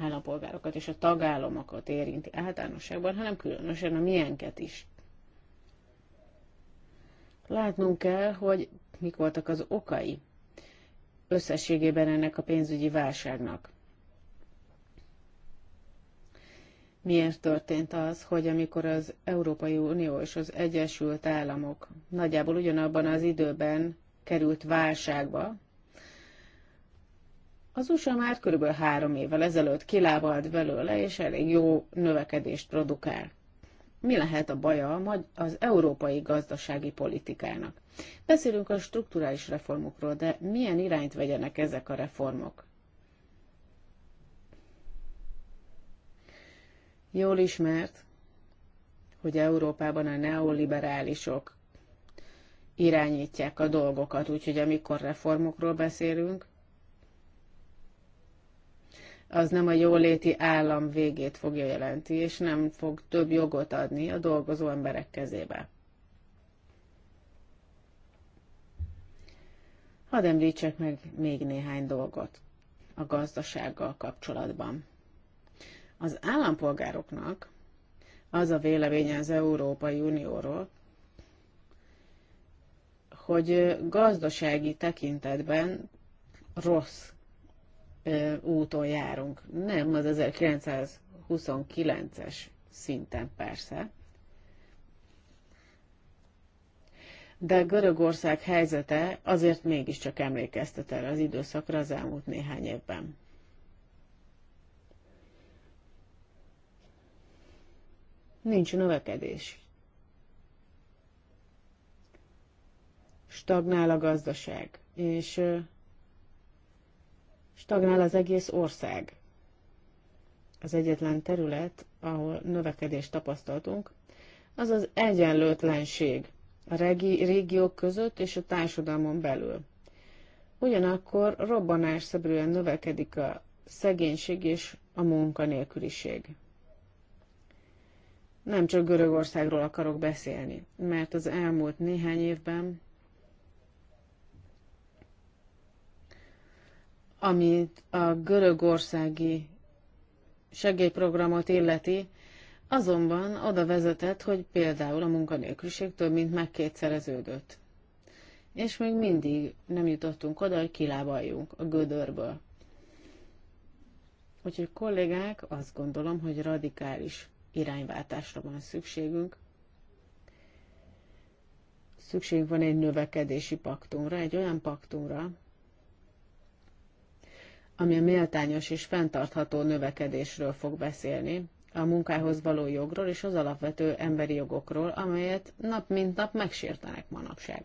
állampolgárokat és a tagállamokat érinti általánosságban, hanem különösen a milyenket is. Látnunk kell, hogy mik voltak az okai összességében ennek a pénzügyi válságnak. Miért történt az, hogy amikor az Európai Unió és az Egyesült Államok nagyjából ugyanabban az időben került válságba, az USA már körülbelül három évvel ezelőtt kilábalt belőle, és elég jó növekedést produkál mi lehet a baja az európai gazdasági politikának. Beszélünk a strukturális reformokról, de milyen irányt vegyenek ezek a reformok? Jól ismert, hogy Európában a neoliberálisok irányítják a dolgokat, úgyhogy amikor reformokról beszélünk, az nem a jóléti állam végét fogja jelenti, és nem fog több jogot adni a dolgozó emberek kezébe. Hadd említsek meg még néhány dolgot a gazdasággal kapcsolatban. Az állampolgároknak az a véleménye az Európai Unióról, hogy gazdasági tekintetben rossz úton járunk. Nem az 1929-es szinten persze. De Görögország helyzete azért mégiscsak emlékeztet erre az időszakra az elmúlt néhány évben. Nincs növekedés. Stagnál a gazdaság, és stagnál az egész ország. Az egyetlen terület, ahol növekedést tapasztaltunk, az az egyenlőtlenség a regi, régiók között és a társadalmon belül. Ugyanakkor robbanásszerűen növekedik a szegénység és a munkanélküliség. Nem csak Görögországról akarok beszélni, mert az elmúlt néhány évben amit a görögországi segélyprogramot illeti, azonban oda vezetett, hogy például a munkanélküliség több mint megkétszereződött. És még mindig nem jutottunk oda, hogy kilábaljunk a gödörből. Úgyhogy kollégák, azt gondolom, hogy radikális irányváltásra van szükségünk. Szükségünk van egy növekedési paktumra, egy olyan paktumra, ami a méltányos és fenntartható növekedésről fog beszélni, a munkához való jogról és az alapvető emberi jogokról, amelyet nap mint nap megsértenek manapság.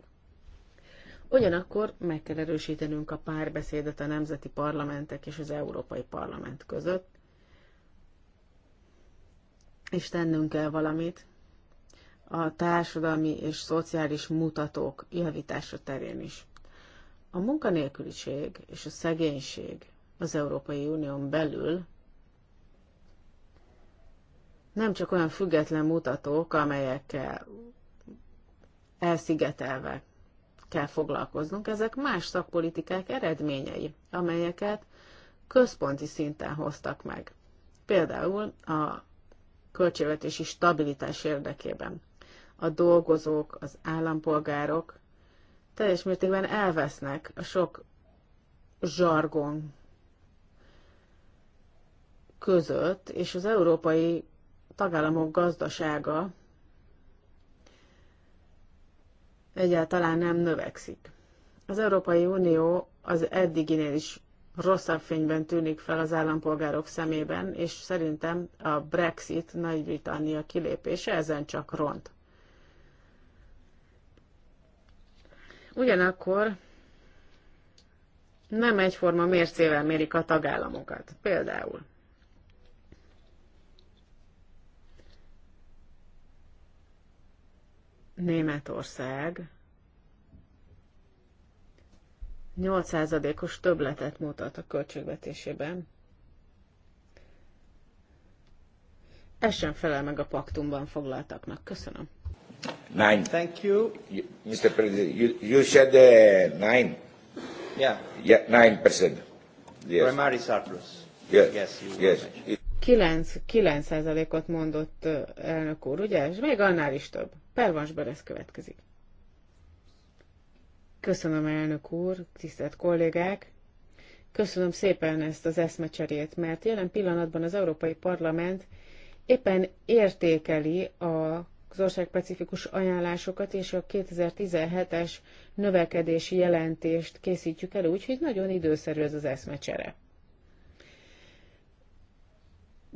Ugyanakkor meg kell erősítenünk a párbeszédet a nemzeti parlamentek és az Európai Parlament között, és tennünk kell valamit a társadalmi és szociális mutatók javítása terén is. A munkanélküliség és a szegénység az Európai Unión belül nem csak olyan független mutatók, amelyekkel elszigetelve kell foglalkoznunk, ezek más szakpolitikák eredményei, amelyeket központi szinten hoztak meg. Például a költségvetési stabilitás érdekében. A dolgozók, az állampolgárok teljes mértékben elvesznek a sok zsargon között és az európai tagállamok gazdasága egyáltalán nem növekszik. Az Európai Unió az eddiginél is rosszabb fényben tűnik fel az állampolgárok szemében, és szerintem a Brexit Nagy-Britannia kilépése ezen csak ront. Ugyanakkor nem egyforma mércével mérik a tagállamokat. Például Németország 8%-os többletet mutat a költségvetésében. Ez sem felel meg a paktumban foglaltaknak. Köszönöm. Nine. Thank you. you Mr. President, you, you said uh, nine. Yeah. Yeah, nine percent. Yes. Primary surplus. Yes. Yes. You yes. 9, ot mondott elnök úr, ugye? És még annál is több. Pervans ez következik. Köszönöm, elnök úr, tisztelt kollégák! Köszönöm szépen ezt az eszmecserét, mert jelen pillanatban az Európai Parlament éppen értékeli az országspecifikus ajánlásokat, és a 2017-es növekedési jelentést készítjük elő, úgyhogy nagyon időszerű ez az eszmecsere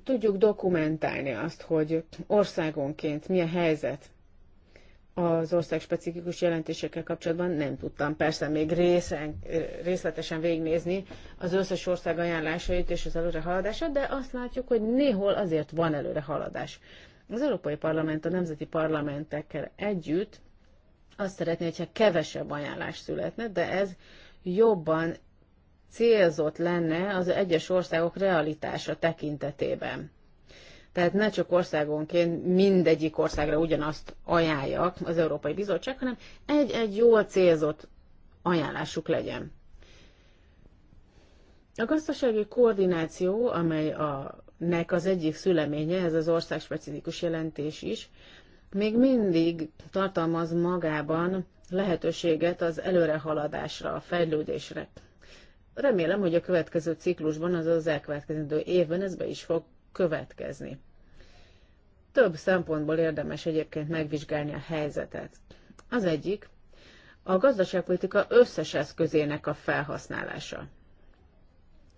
tudjuk dokumentálni azt, hogy országonként mi a helyzet az ország specifikus jelentésekkel kapcsolatban nem tudtam persze még részen, részletesen végnézni az összes ország ajánlásait és az előrehaladását, de azt látjuk, hogy néhol azért van előrehaladás. Az Európai Parlament a nemzeti parlamentekkel együtt azt szeretné, hogyha kevesebb ajánlás születne, de ez jobban célzott lenne az egyes országok realitása tekintetében. Tehát ne csak országonként mindegyik országra ugyanazt ajánljak az Európai Bizottság, hanem egy-egy jól célzott ajánlásuk legyen. A gazdasági koordináció, amely a nek az egyik szüleménye, ez az országspecifikus jelentés is, még mindig tartalmaz magában lehetőséget az előrehaladásra, a fejlődésre. Remélem, hogy a következő ciklusban, azaz az elkövetkező évben ez be is fog következni. Több szempontból érdemes egyébként megvizsgálni a helyzetet. Az egyik, a gazdaságpolitika összes eszközének a felhasználása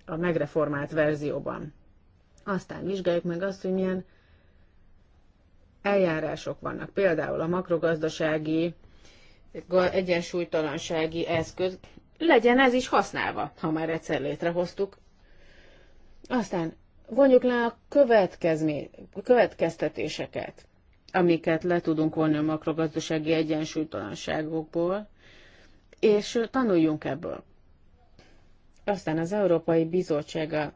a megreformált verzióban. Aztán vizsgáljuk meg azt, hogy milyen eljárások vannak. Például a makrogazdasági egyensúlytalansági eszköz legyen ez is használva, ha már egyszer létrehoztuk. Aztán vonjuk le a következtetéseket, amiket le tudunk vonni a makrogazdasági egyensúlytalanságokból, és tanuljunk ebből. Aztán az Európai Bizottság a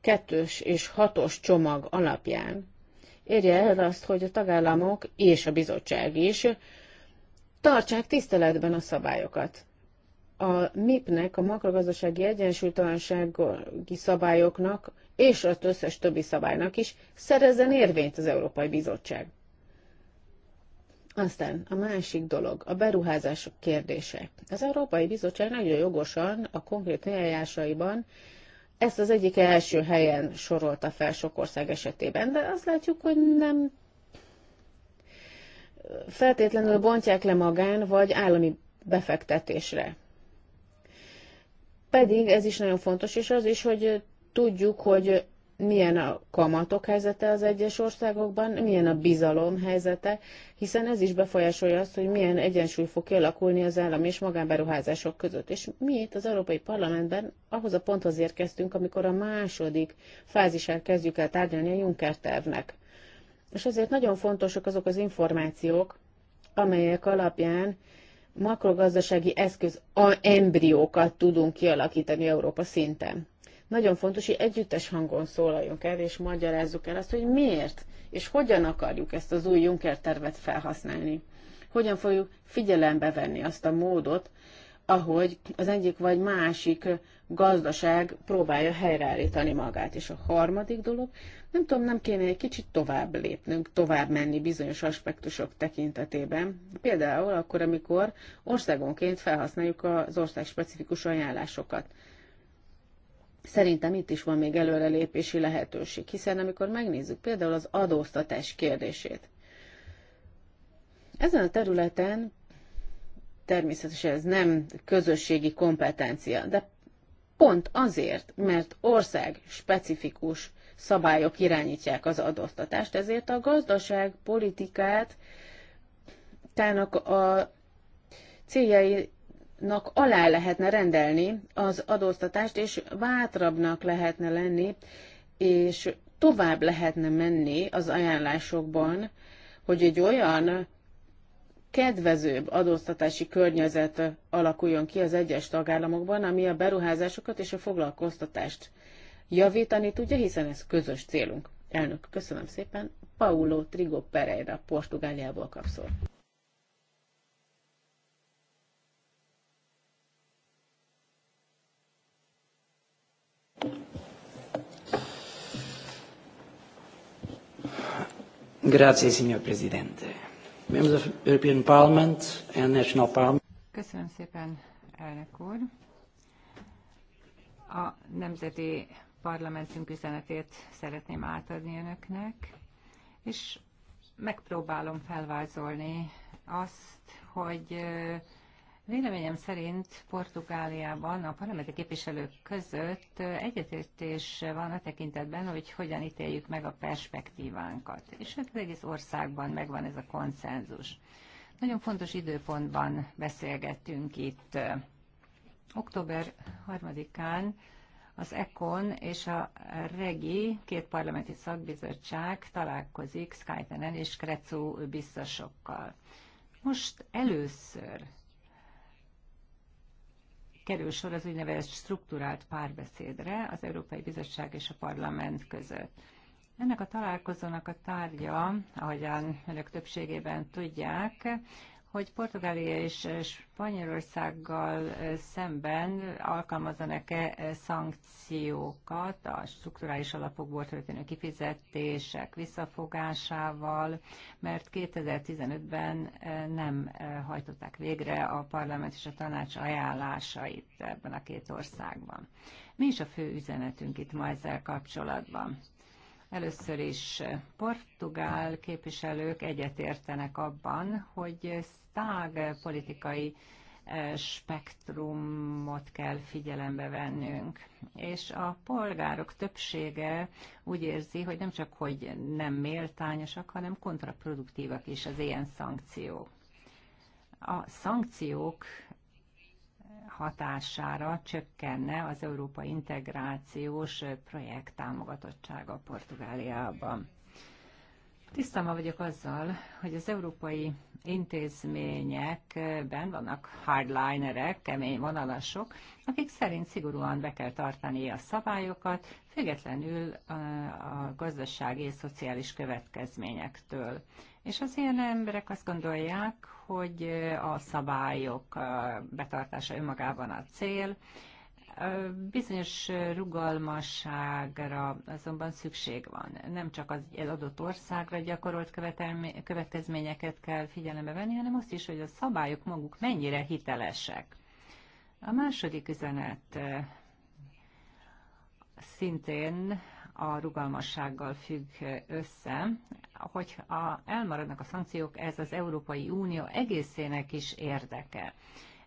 kettős és hatos csomag alapján érje el azt, hogy a tagállamok és a bizottság is tartsák tiszteletben a szabályokat a MIP-nek, a makrogazdasági egyensúlytalansági szabályoknak és az összes többi szabálynak is szerezzen érvényt az Európai Bizottság. Aztán a másik dolog, a beruházások kérdése. Az Európai Bizottság nagyon jogosan a konkrét eljárásaiban ezt az egyik első helyen sorolta fel sok ország esetében, de azt látjuk, hogy nem feltétlenül bontják le magán vagy állami befektetésre. Pedig ez is nagyon fontos, és az is, hogy tudjuk, hogy milyen a kamatok helyzete az egyes országokban, milyen a bizalom helyzete, hiszen ez is befolyásolja azt, hogy milyen egyensúly fog kialakulni az állam és magánberuházások között. És mi itt az Európai Parlamentben ahhoz a ponthoz érkeztünk, amikor a második fázisát kezdjük el tárgyalni a Juncker tervnek. És ezért nagyon fontosak azok az információk, amelyek alapján makrogazdasági eszköz embriókat tudunk kialakítani Európa szinten. Nagyon fontos, hogy együttes hangon szólaljunk el, és magyarázzuk el azt, hogy miért és hogyan akarjuk ezt az új Juncker tervet felhasználni. Hogyan fogjuk figyelembe venni azt a módot, ahogy az egyik vagy másik gazdaság próbálja helyreállítani magát. És a harmadik dolog, nem tudom, nem kéne egy kicsit tovább lépnünk, tovább menni bizonyos aspektusok tekintetében. Például akkor, amikor országonként felhasználjuk az ország specifikus ajánlásokat. Szerintem itt is van még előrelépési lehetőség, hiszen amikor megnézzük például az adóztatás kérdését, ezen a területen természetesen ez nem közösségi kompetencia, de pont azért, mert ország specifikus szabályok irányítják az adóztatást, ezért a gazdaságpolitikát tának a céljainak alá lehetne rendelni az adóztatást, és bátrabbnak lehetne lenni, és tovább lehetne menni az ajánlásokban, hogy egy olyan kedvezőbb adóztatási környezet alakuljon ki az egyes tagállamokban, ami a beruházásokat és a foglalkoztatást javítani tudja, hiszen ez közös célunk. Elnök, köszönöm szépen. Paulo Trigo Pereira, Portugáliából kapszol. Grazie, signor Presidente members of European Parliament and National Parliament. Köszönöm szépen, elnök úr. A Nemzeti Parlamentünk üzenetét szeretném átadni önöknek, és megpróbálom felvázolni azt, hogy Véleményem szerint Portugáliában a parlamenti képviselők között egyetértés van a tekintetben, hogy hogyan ítéljük meg a perspektívánkat. És hát az egész országban megvan ez a konszenzus. Nagyon fontos időpontban beszélgettünk itt. Október 3-án az ECON és a REGI, két parlamenti szakbizottság találkozik Skypenen és Kretszó biztosokkal. Most először kerül sor az úgynevezett strukturált párbeszédre az Európai Bizottság és a Parlament között. Ennek a találkozónak a tárgya, ahogyan önök többségében tudják, hogy Portugália és eh, Spanyolországgal eh, szemben alkalmazzanak-e eh, szankciókat a strukturális alapokból történő kifizetések visszafogásával, mert 2015-ben nem hajtották végre a parlament és a tanács ajánlásait ebben a két országban. Mi is a fő üzenetünk itt ma ezzel kapcsolatban? Először is eh, portugál képviselők egyetértenek abban, hogy tág politikai eh, spektrumot kell figyelembe vennünk. És a polgárok többsége úgy érzi, hogy nem csak, hogy nem méltányosak, hanem kontraproduktívak is az ilyen szankciók. A szankciók hatására csökkenne az európai integrációs projekt támogatottsága Portugáliában. Tisztában vagyok azzal, hogy az európai intézményekben vannak hardlinerek, kemény vonalasok, akik szerint szigorúan be kell tartani a szabályokat, függetlenül a gazdasági és szociális következményektől. És az ilyen emberek azt gondolják, hogy a szabályok betartása önmagában a cél, Bizonyos rugalmasságra azonban szükség van. Nem csak az adott országra gyakorolt következményeket kell figyelembe venni, hanem azt is, hogy a szabályok maguk mennyire hitelesek. A második üzenet szintén a rugalmassággal függ össze. Hogy a, elmaradnak a szankciók, ez az Európai Unió egészének is érdeke.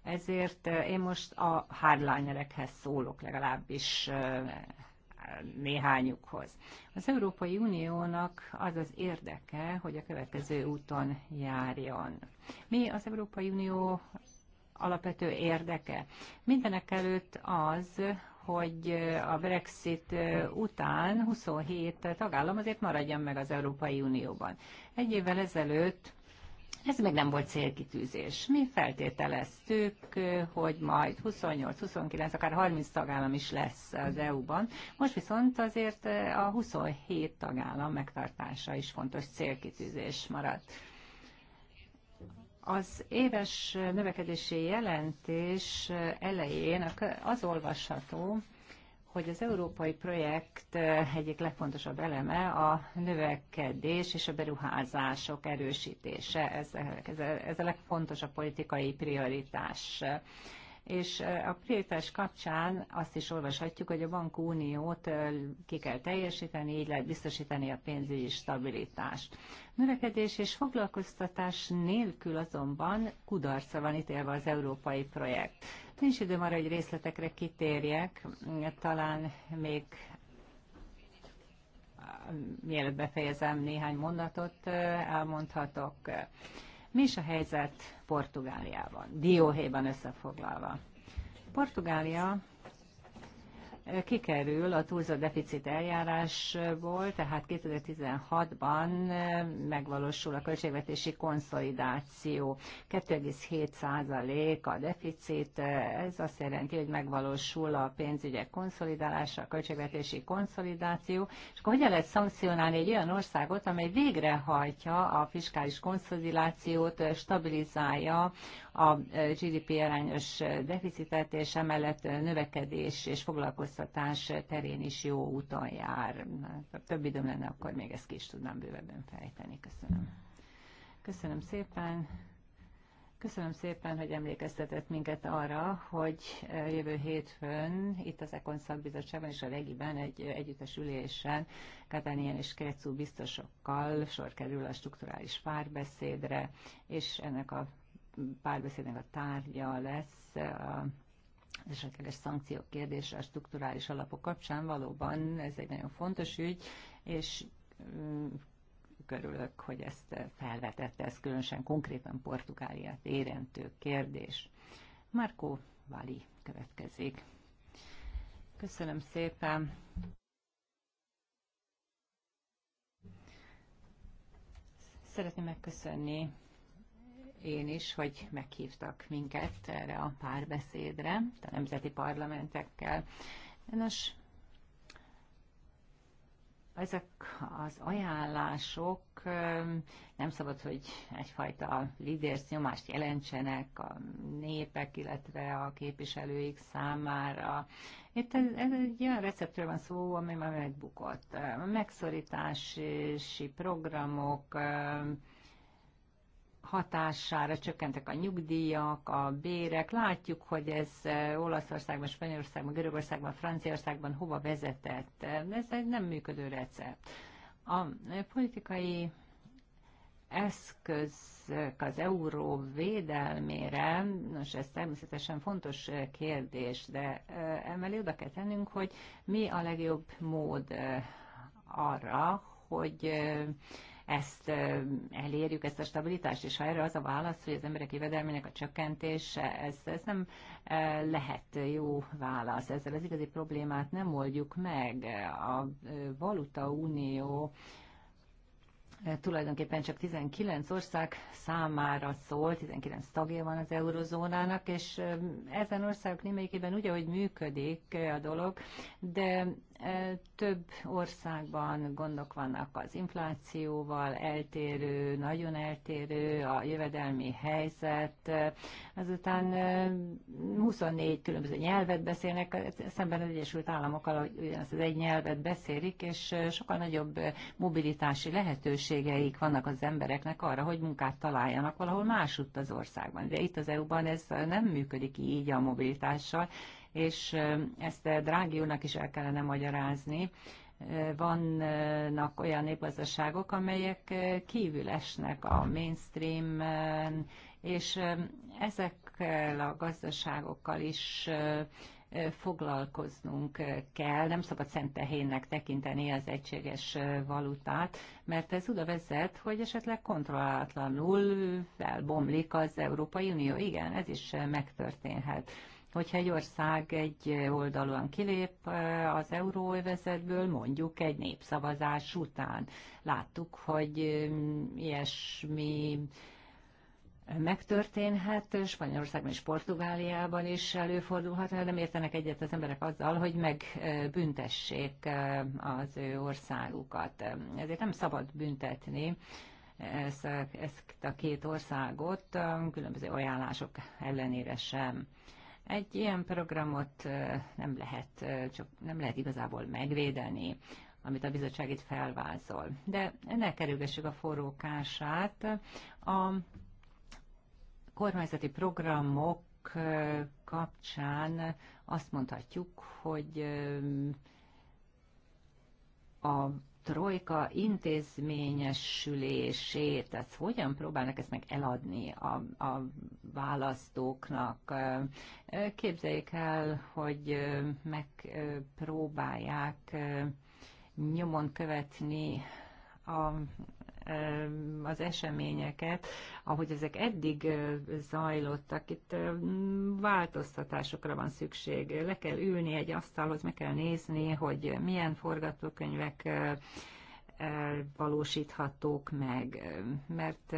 Ezért eh, én most a hardlinerekhez szólok legalábbis eh, néhányukhoz. Az Európai Uniónak az az érdeke, hogy a következő úton járjon. Mi az Európai Unió alapvető érdeke? Mindenek előtt az, hogy eh, a Brexit eh, után 27 tagállam azért maradjon meg az Európai Unióban. Egy évvel ezelőtt ez még nem volt célkitűzés. Mi feltételeztük, eh, hogy majd 28, 29, akár 30 tagállam is lesz az EU-ban. Most viszont azért a 27 tagállam megtartása is fontos célkitűzés maradt. Az éves növekedési jelentés elején az olvasható, hogy az európai projekt eh, egyik legfontosabb eleme a növekedés és a beruházások erősítése. Ez, ez, ez a legfontosabb politikai prioritás és a prioritás kapcsán azt is olvashatjuk, hogy a bankuniót ki kell teljesíteni, így lehet biztosítani a pénzügyi stabilitást. Növekedés és foglalkoztatás nélkül azonban kudarca van ítélve az európai projekt. Nincs időm arra, hogy részletekre kitérjek, talán még mielőtt befejezem néhány mondatot, elmondhatok. Mi is a helyzet Portugáliában, dióhéjban összefoglalva? Portugália kikerül a túlzott deficit eljárásból, tehát 2016-ban megvalósul a költségvetési konszolidáció. 2,7% a deficit, ez azt jelenti, hogy megvalósul a pénzügyek konszolidálása, a költségvetési konszolidáció, és akkor hogyan lehet szankcionálni egy olyan országot, amely végrehajtja a fiskális konszolidációt, stabilizálja a GDP arányos deficitet, és emellett növekedés és foglalkoztatás foglalkoztatás terén is jó úton jár. Hát, ha több időm lenne, akkor még ezt ki is tudnám bővebben fejteni. Köszönöm. Köszönöm szépen. Köszönöm szépen, hogy emlékeztetett minket arra, hogy eh, jövő hétfőn itt az Ekon szakbizottságban és a Regiben egy eh, együttes ülésen Katánien és Kretszú biztosokkal sor kerül a strukturális párbeszédre, és ennek a párbeszédnek a tárgya lesz eh, a és a szankciók kérdése a strukturális alapok kapcsán valóban ez egy nagyon fontos ügy, és körülök, hogy ezt felvetette, ez különösen konkrétan Portugáliát érintő kérdés. Marco Vali következik. Köszönöm szépen. Szeretném megköszönni én is, hogy meghívtak minket erre a párbeszédre a nemzeti parlamentekkel. Nos, ezek az ajánlások nem szabad, hogy egyfajta lidérsz nyomást jelentsenek a népek, illetve a képviselőik számára. Itt ez, ez egy olyan receptről van szó, ami már megbukott. Megszorítási programok, hatására csökkentek a nyugdíjak, a bérek. Látjuk, hogy ez eh, Olaszországban, Spanyolországban, Görögországban, Franciaországban hova vezetett. Ez egy nem működő recept. A eh, politikai eszköz az euró védelmére, nos ez természetesen fontos eh, kérdés, de emellé oda kell tennünk, hogy mi a legjobb mód arra, hogy ezt elérjük, ezt a stabilitást, és ha erre az a válasz, hogy az emberek jövedelmének a csökkentése, ez, ez nem lehet jó válasz. Ezzel az igazi problémát nem oldjuk meg. A valuta unió tulajdonképpen csak 19 ország számára szól, 19 tagja van az eurozónának, és ezen országok némelyikében úgy hogy működik a dolog, de több országban gondok vannak az inflációval, eltérő, nagyon eltérő a jövedelmi helyzet, azután 24 különböző nyelvet beszélnek, szemben az Egyesült Államokkal ugyanazt az egy nyelvet beszélik, és sokkal nagyobb mobilitási lehetőségeik vannak az embereknek arra, hogy munkát találjanak valahol másutt az országban. De itt az EU-ban ez nem működik így a mobilitással, és ezt Drági úrnak is el kellene magyarázni. Vannak olyan népgazdaságok, amelyek kívül esnek a mainstream és ezekkel a gazdaságokkal is foglalkoznunk kell, nem szabad szentehénnek tekinteni az egységes valutát, mert ez oda vezet, hogy esetleg kontrollálatlanul felbomlik az Európai Unió. Igen, ez is megtörténhet hogyha egy ország egy oldalon kilép eh, az euróövezetből, mondjuk egy népszavazás után. Láttuk, hogy mm, ilyesmi megtörténhet, Spanyolországban és Portugáliában is előfordulhat, nem értenek egyet az emberek azzal, hogy megbüntessék eh, az ő országukat. Ezért nem szabad büntetni ezt, ezt a két országot, eh, különböző ajánlások ellenére sem. Egy ilyen programot nem lehet, csak nem lehet igazából megvédeni, amit a bizottság itt felvázol. De ne kerülgessük a forrókását. A kormányzati programok kapcsán azt mondhatjuk, hogy a trojka intézményesülését, tehát hogyan próbálnak ezt meg eladni a, a választóknak. Képzeljék el, hogy megpróbálják nyomon követni a az eseményeket, ahogy ezek eddig zajlottak. Itt változtatásokra van szükség. Le kell ülni egy asztalhoz, meg kell nézni, hogy milyen forgatókönyvek valósíthatók meg, mert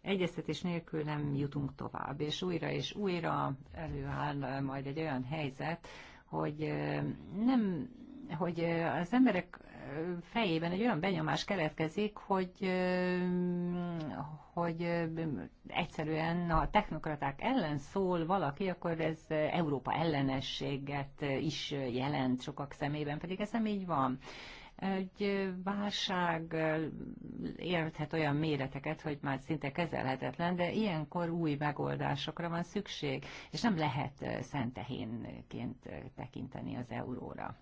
egyeztetés nélkül nem jutunk tovább, és újra és újra előáll majd egy olyan helyzet, hogy nem, hogy az emberek fejében egy olyan benyomás keletkezik, hogy, hogy egyszerűen a technokraták ellen szól valaki, akkor ez Európa ellenességet is jelent sokak szemében, pedig ez nem így van egy válság érthet olyan méreteket, hogy már szinte kezelhetetlen, de ilyenkor új megoldásokra van szükség, és nem lehet szentehénként tekinteni az euróra.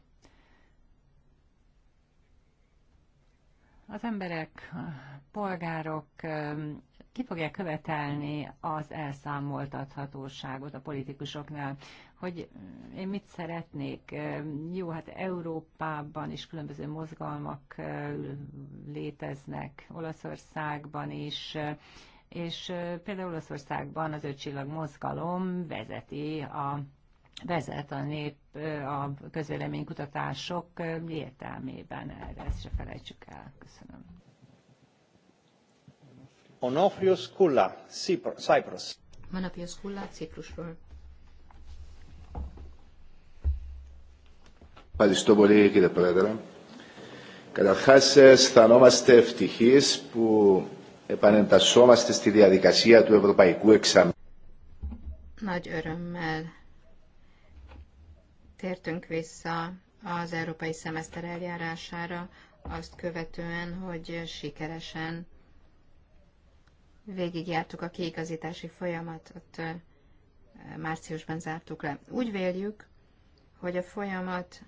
az emberek, a polgárok ki fogják követelni az elszámoltathatóságot a politikusoknál, hogy én mit szeretnék. Jó, hát Európában is különböző mozgalmak léteznek, Olaszországban is, és például Olaszországban az ötcsillag mozgalom vezeti a vezet a nép a közvéleménykutatások értelmében erre. Ezt se felejtsük el. Köszönöm. Onofrius Kulla, Cyprus. Manapios Kulla, Ciprusról. Ευχαριστώ πολύ κύριε Πρόεδρε. Καταρχάς αισθανόμαστε ευτυχείς που επανεντασσόμαστε στη διαδικασία του Ευρωπαϊκού Εξαμήνου. Nagy örömmel tértünk vissza az európai szemeszter eljárására, azt követően, hogy sikeresen végigjártuk a kiigazítási folyamatot, márciusban zártuk le. Úgy véljük, hogy a folyamat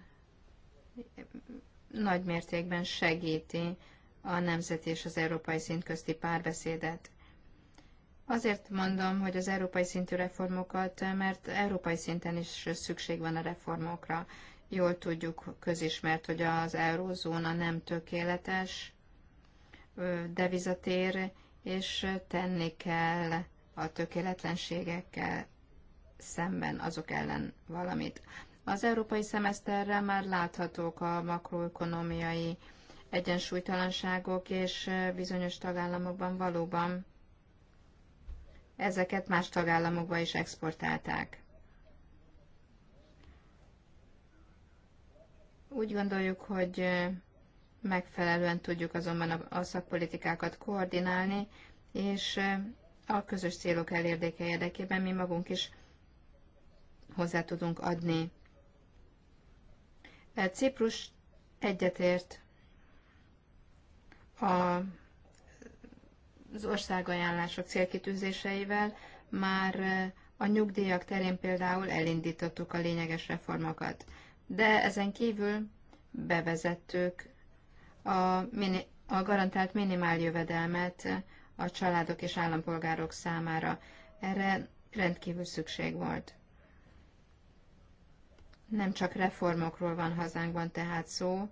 nagy mértékben segíti a nemzeti és az európai szint közti párbeszédet. Azért mondom, hogy az európai szintű reformokat, mert európai szinten is szükség van a reformokra. Jól tudjuk közismert, hogy az eurózóna nem tökéletes, devizatér, és tenni kell a tökéletlenségekkel szemben azok ellen valamit. Az európai szemeszterre már láthatók a makroökonomiai egyensúlytalanságok, és bizonyos tagállamokban valóban ezeket más tagállamokba is exportálták. Úgy gondoljuk, hogy megfelelően tudjuk azonban a szakpolitikákat koordinálni, és a közös célok elérdéke érdekében mi magunk is hozzá tudunk adni. Ciprus egyetért a az országajánlások célkitűzéseivel már eh, a nyugdíjak terén például elindítottuk a lényeges reformokat. De ezen kívül bevezettük a, mini, a garantált minimál jövedelmet a családok és állampolgárok számára. Erre rendkívül szükség volt. Nem csak reformokról van hazánkban tehát szó,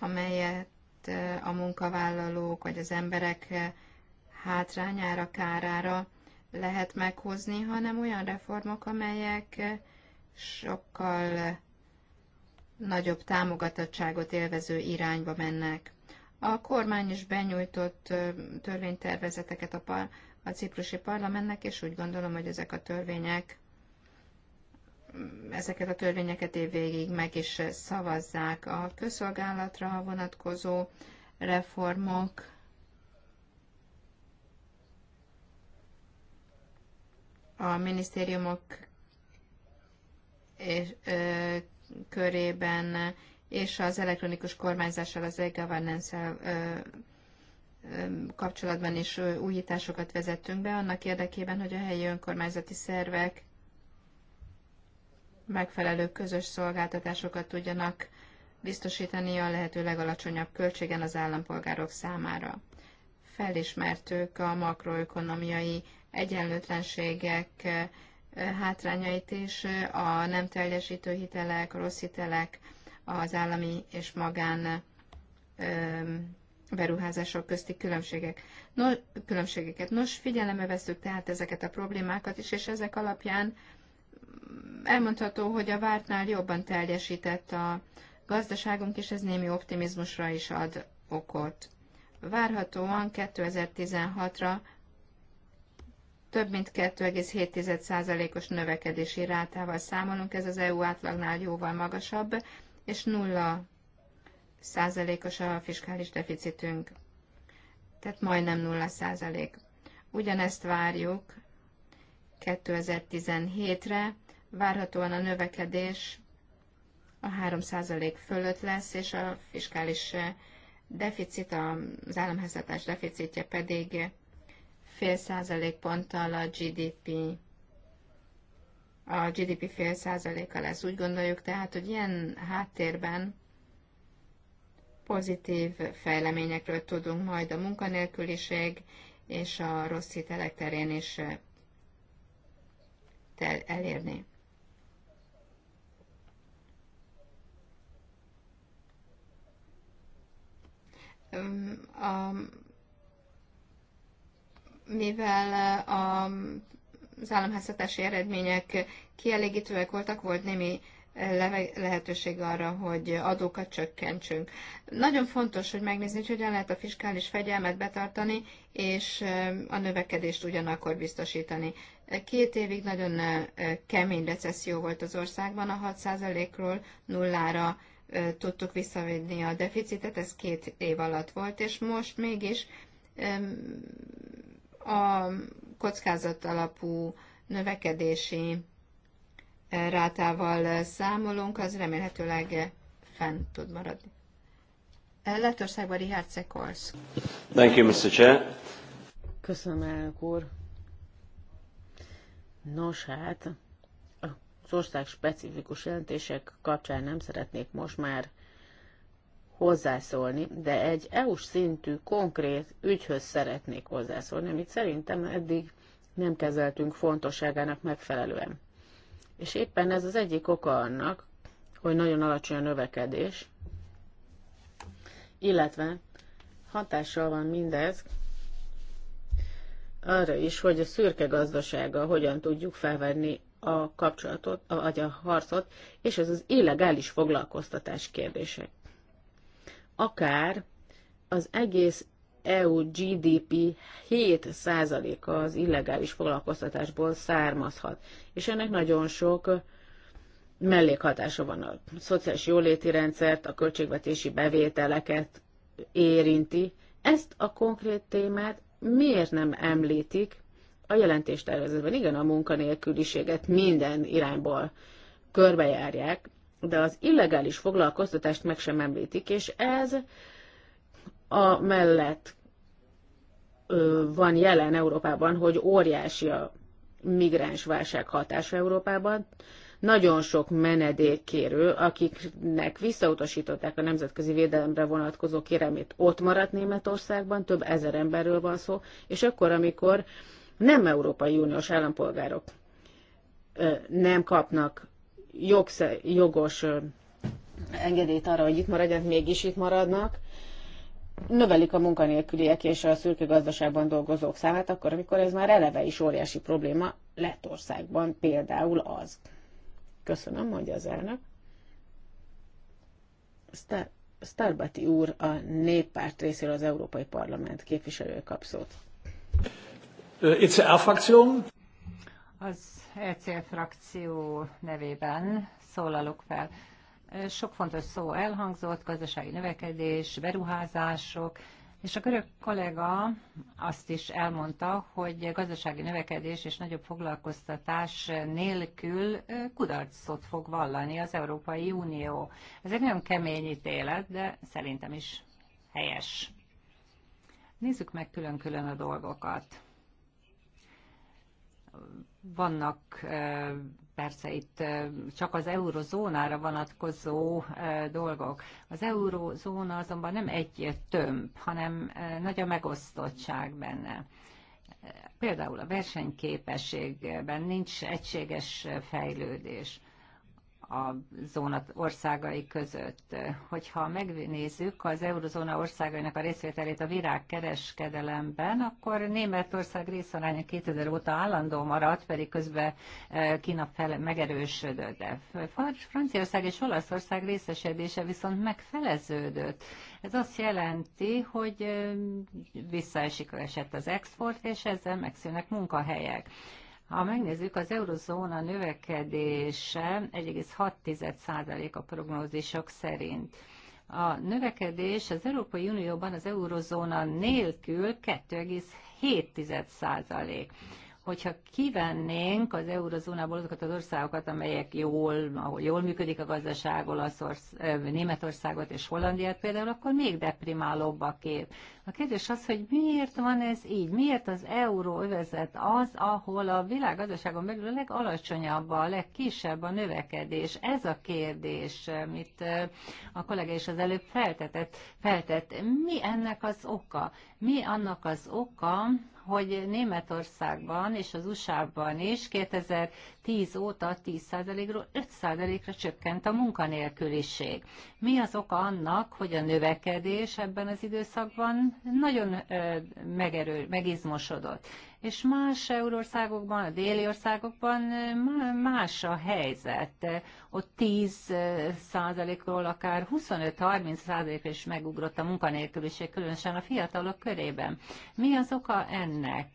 amelyet a munkavállalók vagy az emberek hátrányára, kárára lehet meghozni, hanem olyan reformok, amelyek sokkal nagyobb támogatottságot élvező irányba mennek. A kormány is benyújtott törvénytervezeteket a, par- a ciprusi parlamentnek, és úgy gondolom, hogy ezek a törvények ezeket a törvényeket évvégig meg is szavazzák. A közszolgálatra vonatkozó reformok a minisztériumok és, ö, körében és az elektronikus kormányzással, az e governance kapcsolatban is újításokat vezettünk be, annak érdekében, hogy a helyi önkormányzati szervek megfelelő közös szolgáltatásokat tudjanak biztosítani a lehető legalacsonyabb költségen az állampolgárok számára. Felismertük a makroökonomiai egyenlőtlenségek eh, hátrányait is, eh, a nem teljesítő hitelek, rossz hitelek, az állami és magán eh, beruházások közti különbségek. No, különbségeket. Nos, figyelembe veszük tehát ezeket a problémákat is, és ezek alapján elmondható, hogy a vártnál jobban teljesített a gazdaságunk, és ez némi optimizmusra is ad okot. Várhatóan 2016-ra több mint 2,7%-os növekedési rátával számolunk, ez az EU átlagnál jóval magasabb, és 0 százalékos a fiskális deficitünk, tehát majdnem 0 százalék. Ugyanezt várjuk 2017-re, Várhatóan a növekedés a 3% fölött lesz, és a fiskális eh, deficit, az államháztartás deficitje pedig fél ponttal a GDP a GDP fél százaléka lesz. Úgy gondoljuk tehát, hogy ilyen háttérben pozitív fejleményekről tudunk majd a munkanélküliség és a rossz hitelek terén is eh, elérni. a, mivel a, az államháztatási eredmények kielégítőek voltak, volt némi e, lehetőség arra, hogy adókat csökkentsünk. Nagyon fontos, hogy megnézni, hogy hogyan lehet a fiskális fegyelmet betartani, és e, a növekedést ugyanakkor biztosítani. Két évig nagyon e, kemény recesszió volt az országban, a 6%-ról nullára tudtuk visszavinni a deficitet, ez két év alatt volt, és most mégis a kockázat alapú növekedési rátával számolunk, az remélhetőleg fenn tud maradni. Lettországban Richard Szekolsz. Thank you, Mr. Chair. Köszönöm, elnök úr. Nos hát, az ország specifikus jelentések kapcsán nem szeretnék most már hozzászólni, de egy EU-s szintű konkrét ügyhöz szeretnék hozzászólni, amit szerintem eddig nem kezeltünk fontosságának megfelelően. És éppen ez az egyik oka annak, hogy nagyon alacsony a növekedés, illetve hatással van mindez arra is, hogy a szürke gazdasággal hogyan tudjuk felvenni a kapcsolatot, vagy a harcot, és ez az illegális foglalkoztatás kérdése. Akár az egész EU GDP 7%-a az illegális foglalkoztatásból származhat, és ennek nagyon sok mellékhatása van a szociális jóléti rendszert, a költségvetési bevételeket érinti. Ezt a konkrét témát miért nem említik a jelentéstervezetben igen a munkanélküliséget minden irányból körbejárják, de az illegális foglalkoztatást meg sem említik, és ez a mellett van jelen Európában, hogy óriási a migráns válság hatása Európában. Nagyon sok menedékkérő, akiknek visszautasították a nemzetközi védelemre vonatkozó kéremét, ott maradt Németországban, több ezer emberről van szó, és akkor, amikor nem Európai Uniós állampolgárok nem kapnak jogsz- jogos engedélyt arra, hogy itt maradjanak, mégis itt maradnak, növelik a munkanélküliek és a szürke gazdaságban dolgozók számát, akkor, amikor ez már eleve is óriási probléma, Lettországban például az. Köszönöm, mondja az elnök. Starbati úr a néppárt részéről az Európai Parlament képviselője kap szót. ECR-frakció. Az ECR frakció nevében szólalok fel. Sok fontos szó elhangzott, gazdasági növekedés, beruházások, és a görög kollega azt is elmondta, hogy gazdasági növekedés és nagyobb foglalkoztatás nélkül kudarcot fog vallani az Európai Unió. Ez egy nagyon kemény ítélet, de szerintem is helyes. Nézzük meg külön-külön a dolgokat vannak persze itt csak az eurozónára vonatkozó dolgok. Az eurozóna azonban nem egy tömb, hanem nagy a megosztottság benne. Például a versenyképességben nincs egységes fejlődés a zóna országai között. Hogyha megnézzük az eurozóna országainak a részvételét a virágkereskedelemben, akkor Németország részaránya 2000 óta állandó maradt, pedig közben e, Kína fel megerősödött. De Franciaország és Olaszország részesedése viszont megfeleződött. Ez azt jelenti, hogy e, visszaesik esett az export, és ezzel megszűnnek munkahelyek. Ha megnézzük, az eurozóna növekedése 1,6% a prognózisok szerint. A növekedés az Európai Unióban az eurozóna nélkül 2,7 százalék hogyha kivennénk az eurozónából azokat az országokat, amelyek jól, ahol jól működik a gazdaság, Olaszorsz, Németországot és Hollandiát például, akkor még deprimálóbb a kép. A kérdés az, hogy miért van ez így? Miért az euróövezet az, ahol a világgazdaságon belül a legalacsonyabb, a legkisebb a növekedés? Ez a kérdés, amit a kollega is az előbb feltetett, feltett. Mi ennek az oka? Mi annak az oka, hogy Németországban és az USA-ban is 2010 óta 10%-ról 5%-ra csökkent a munkanélküliség. Mi az oka annak, hogy a növekedés ebben az időszakban nagyon megerő, megizmosodott? és más eurországokban, a déli országokban más a helyzet. Ott 10 százalékról akár 25-30 százalék is megugrott a munkanélküliség, különösen a fiatalok körében. Mi az oka ennek?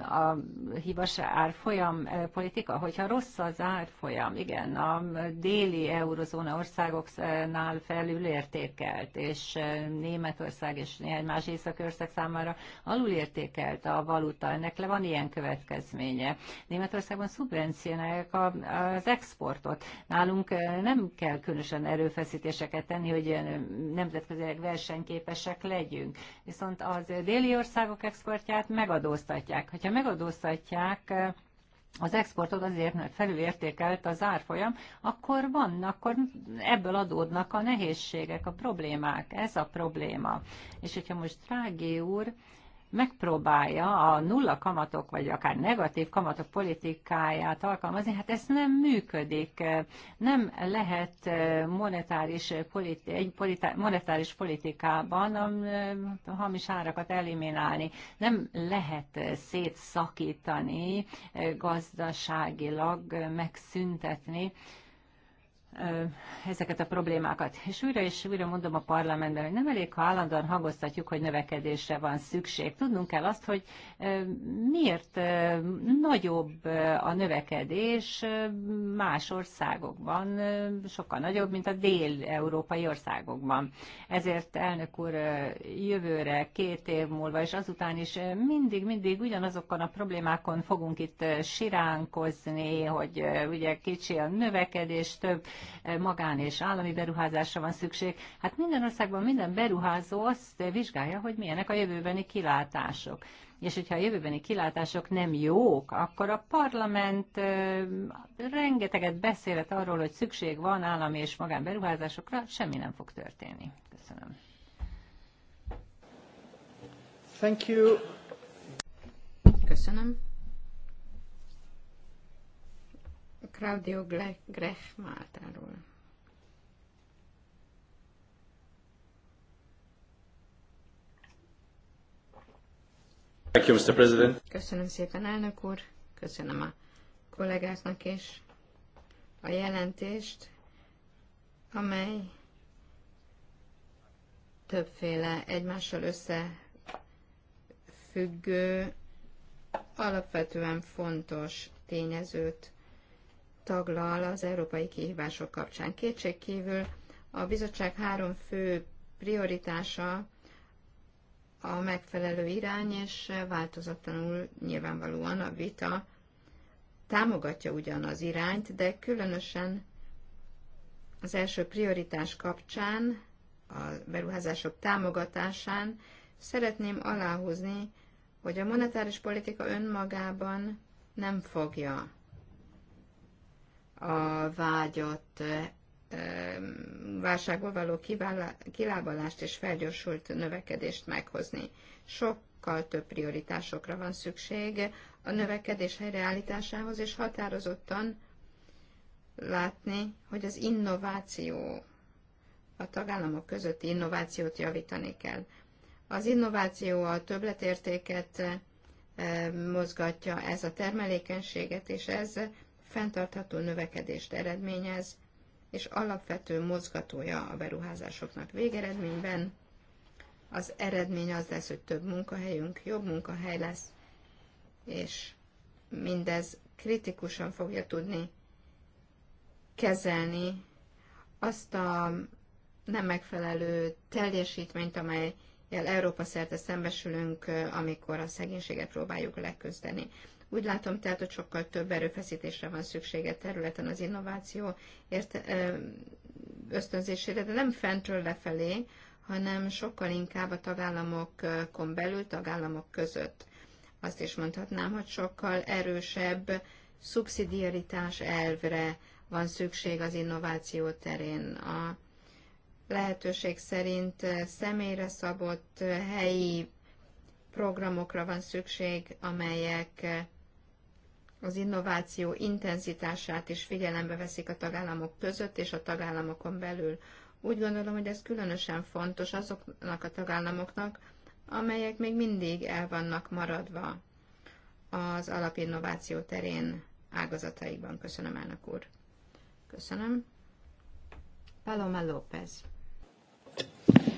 a hibas árfolyam e, politika? Hogyha rossz az árfolyam, igen, a déli eurozóna országoknál felülértékelt, és e, Németország és néhány más északország számára alulértékelt a valuta, ennek le van ilyen következménye. Németországban szubvencionálják az exportot. Nálunk e, nem kell különösen erőfeszítéseket tenni, hogy nemzetközileg versenyképesek legyünk. Viszont az déli országok exportját megadóztatják megadóztatják. Ha megadóztatják az exportot azért, mert felülértékelt az árfolyam, akkor van, akkor ebből adódnak a nehézségek, a problémák. Ez a probléma. És hogyha most Trági úr megpróbálja a nulla kamatok, vagy akár negatív kamatok politikáját alkalmazni, hát ez nem működik. Nem lehet eh, monetáris, politi- egy politi- monetáris politikában a um, eh, hamis árakat eliminálni. Nem lehet eh, szétszakítani, gazdaságilag megszüntetni ezeket a problémákat. És újra és újra mondom a parlamentben, hogy nem elég, ha állandóan hangoztatjuk, hogy növekedésre van szükség. Tudnunk kell azt, hogy miért nagyobb a növekedés más országokban, sokkal nagyobb, mint a dél-európai országokban. Ezért, elnök úr, jövőre, két év múlva, és azután is mindig-mindig ugyanazokon a problémákon fogunk itt siránkozni, hogy ugye kicsi a növekedés, több Eh, magán és állami beruházásra van szükség. Hát minden országban minden beruházó azt vizsgálja, hogy milyenek a jövőbeni kilátások. És hogyha a jövőbeni kilátások nem jók, akkor a parlament eh, rengeteget beszélet arról, hogy szükség van állami és magán beruházásokra, semmi nem fog történni. Köszönöm. Thank you. Köszönöm. Claudio Grech Máltáról. Thank you, Mr. President. Köszönöm szépen, elnök úr, köszönöm a kollégáknak is a jelentést, amely többféle egymással összefüggő, alapvetően fontos tényezőt taglal az európai kihívások kapcsán. Kétségkívül a bizottság három fő prioritása a megfelelő irány, és változatlanul nyilvánvalóan a vita támogatja ugyan az irányt, de különösen az első prioritás kapcsán, a beruházások támogatásán szeretném aláhúzni, hogy a monetáris politika önmagában nem fogja a vágyott válságból való kilábalást és felgyorsult növekedést meghozni. Sokkal több prioritásokra van szükség a növekedés helyreállításához, és határozottan látni, hogy az innováció, a tagállamok közötti innovációt javítani kell. Az innováció a többletértéket mozgatja, ez a termelékenységet, és ez fenntartható növekedést eredményez, és alapvető mozgatója a beruházásoknak végeredményben. Az eredmény az lesz, hogy több munkahelyünk, jobb munkahely lesz, és mindez kritikusan fogja tudni kezelni azt a nem megfelelő teljesítményt, amely Európa szerte szembesülünk, amikor a szegénységet próbáljuk leküzdeni. Úgy látom tehát, hogy sokkal több erőfeszítésre van szüksége területen az innováció ért, ösztönzésére, de nem fentről lefelé, hanem sokkal inkább a tagállamokon belül, tagállamok között. Azt is mondhatnám, hogy sokkal erősebb szubszidiaritás elvre van szükség az innováció terén. A lehetőség szerint személyre szabott helyi programokra van szükség, amelyek az innováció intenzitását is figyelembe veszik a tagállamok között és a tagállamokon belül. Úgy gondolom, hogy ez különösen fontos azoknak a tagállamoknak, amelyek még mindig el vannak maradva az alapinnováció terén ágazataikban. Köszönöm, elnök úr. Köszönöm. Paloma López.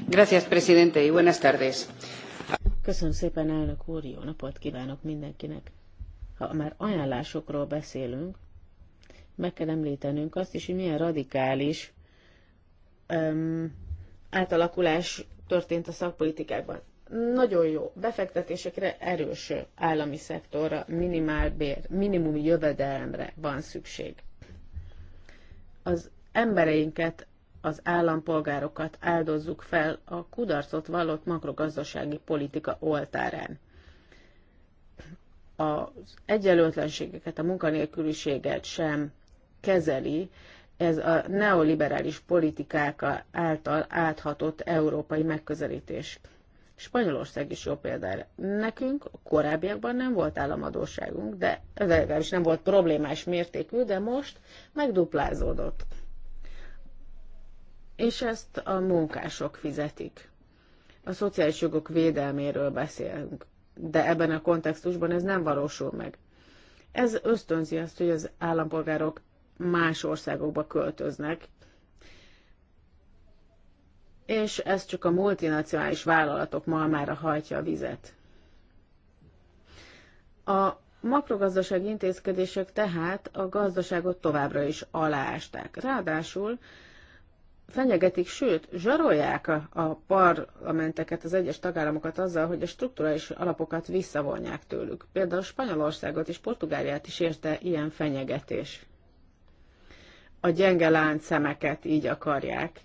Gracias, presidente, y buenas tardes. Köszönöm szépen, elnök úr, jó napot kívánok mindenkinek ha már ajánlásokról beszélünk, meg kell említenünk azt is, hogy milyen radikális öm, átalakulás történt a szakpolitikákban. Nagyon jó befektetésekre, erős állami szektorra, bér, minimum jövedelemre van szükség. Az embereinket, az állampolgárokat áldozzuk fel a kudarcot vallott makrogazdasági politika oltárán az egyenlőtlenségeket, a munkanélküliséget sem kezeli, ez a neoliberális politikák által áthatott európai megközelítés. Spanyolország is jó példára. Nekünk korábbiakban nem volt államadóságunk, de legalábbis nem volt problémás mértékű, de most megduplázódott. És ezt a munkások fizetik. A szociális jogok védelméről beszélünk de ebben a kontextusban ez nem valósul meg. Ez ösztönzi azt, hogy az állampolgárok más országokba költöznek, és ez csak a multinacionális vállalatok malmára hajtja a vizet. A makrogazdasági intézkedések tehát a gazdaságot továbbra is aláásták. Ráadásul fenyegetik, sőt, zsarolják a, a parlamenteket, az egyes tagállamokat azzal, hogy a strukturális alapokat visszavonják tőlük. Például Spanyolországot és Portugáliát is érte ilyen fenyegetés. A gyenge szemeket így akarják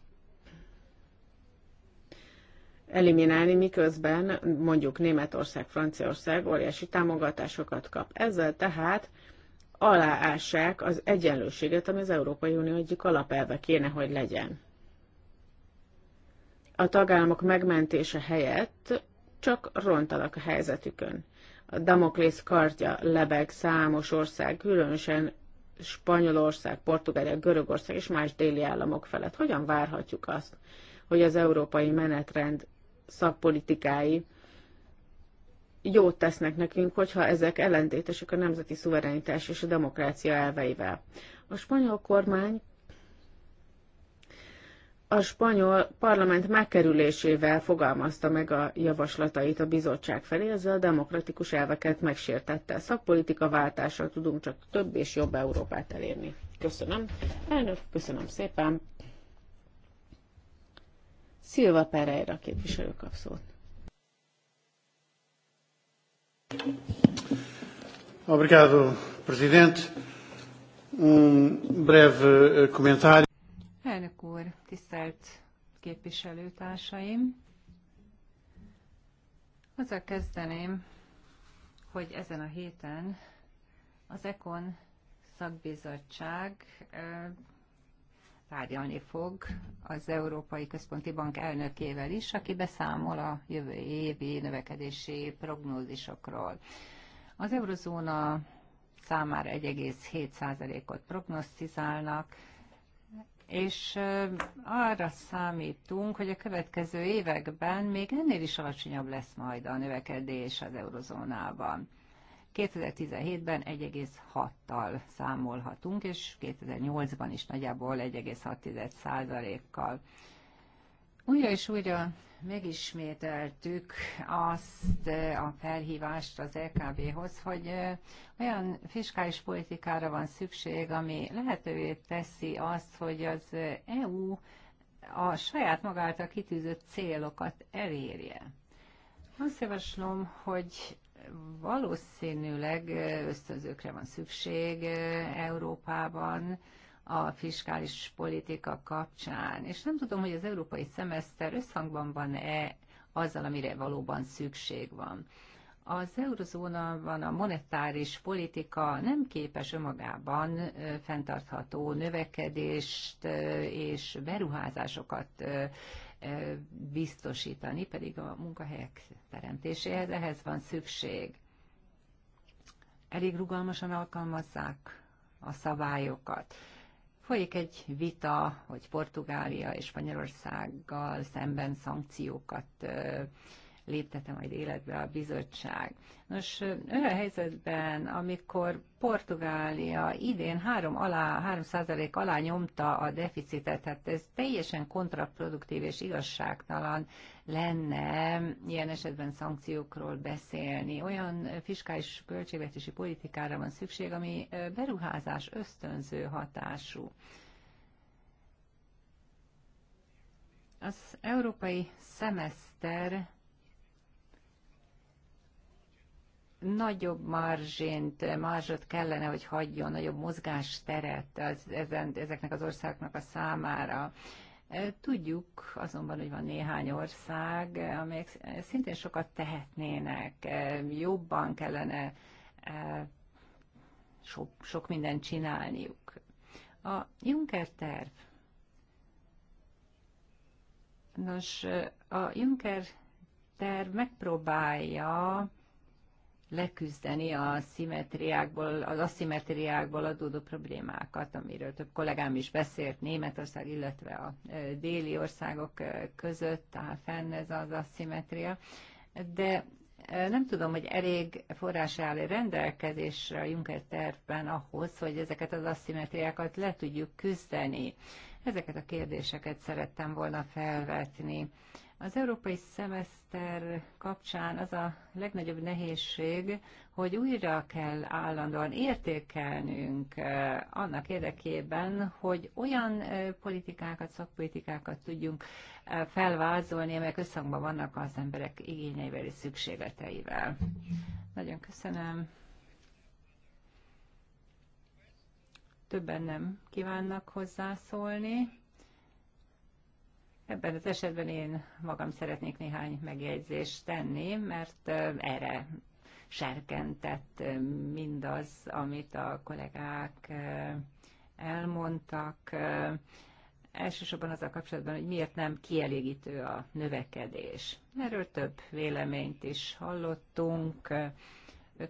eliminálni, miközben mondjuk Németország, Franciaország óriási támogatásokat kap. Ezzel tehát aláássák az egyenlőséget, ami az Európai Unió egyik alapelve kéne, hogy legyen a tagállamok megmentése helyett csak rontanak a helyzetükön. A Damoklész kardja lebeg számos ország, különösen Spanyolország, Portugália, Görögország és más déli államok felett. Hogyan várhatjuk azt, hogy az európai menetrend szakpolitikái jót tesznek nekünk, hogyha ezek ellentétesek a nemzeti szuverenitás és a demokrácia elveivel. A spanyol kormány a spanyol parlament megkerülésével fogalmazta meg a javaslatait a bizottság felé, ezzel a demokratikus elveket megsértette. Szakpolitika váltásra tudunk csak több és jobb Európát elérni. Köszönöm. Elnök, köszönöm szépen. Szilva Pereira képviselő kap szót. Obrigado, Presidente. Um breve eh, comentário tisztelt képviselőtársaim! Azzal kezdeném, hogy ezen a héten az EKON szakbizottság tárgyalni fog az Európai Központi Bank elnökével is, aki beszámol a jövő évi növekedési prognózisokról. Az eurozóna számára 1,7%-ot prognosztizálnak, és arra számítunk, hogy a következő években még ennél is alacsonyabb lesz majd a növekedés az eurozónában. 2017-ben 1,6-tal számolhatunk, és 2008-ban is nagyjából 1,6%-kal. Újra és újra megismételtük azt a felhívást az LKB-hoz, e hogy olyan fiskális politikára van szükség, ami lehetővé teszi azt, hogy az EU a saját a kitűzött célokat elérje. Azt javaslom, hogy valószínűleg ösztönzőkre van szükség Európában, a fiskális politika kapcsán. És nem tudom, hogy az európai szemeszter összhangban van-e azzal, amire valóban szükség van. Az eurozónában a monetáris politika nem képes önmagában fenntartható növekedést és beruházásokat biztosítani, pedig a munkahelyek teremtéséhez ehhez van szükség. Elég rugalmasan alkalmazzák a szabályokat. Folyik egy vita, hogy Portugália és Spanyolországgal szemben szankciókat léptete majd életbe a bizottság. Nos, olyan helyzetben, amikor Portugália idén 3, alá, 3 alá nyomta a deficitet, hát ez teljesen kontraproduktív és igazságtalan lenne ilyen esetben szankciókról beszélni. Olyan fiskális költségvetési politikára van szükség, ami beruházás ösztönző hatású. Az európai szemeszter nagyobb marzsint, marzsot kellene, hogy hagyjon, nagyobb mozgásteret az, ezen, ezeknek az országnak a számára. Tudjuk azonban, hogy van néhány ország, amelyek szintén sokat tehetnének, jobban kellene sok, sok mindent csinálniuk. A Juncker terv. Nos, a Juncker terv megpróbálja leküzdeni a szimetriákból, az aszimetriákból adódó problémákat, amiről több kollégám is beszélt Németország, illetve a déli országok között tehát fenn ez az aszimetria. De nem tudom, hogy elég forrás áll rendelkezésre a Juncker tervben ahhoz, hogy ezeket az aszimetriákat le tudjuk küzdeni. Ezeket a kérdéseket szerettem volna felvetni. Az európai szemeszter kapcsán az a legnagyobb nehézség, hogy újra kell állandóan értékelnünk eh, annak érdekében, hogy olyan eh, politikákat, szakpolitikákat tudjunk eh, felvázolni, amelyek összhangban vannak az emberek igényeivel és szükségleteivel. Nagyon köszönöm. Többen nem kívánnak hozzászólni. Ebben az esetben én magam szeretnék néhány megjegyzést tenni, mert erre serkentett mindaz, amit a kollégák elmondtak. Elsősorban az a kapcsolatban, hogy miért nem kielégítő a növekedés. Erről több véleményt is hallottunk.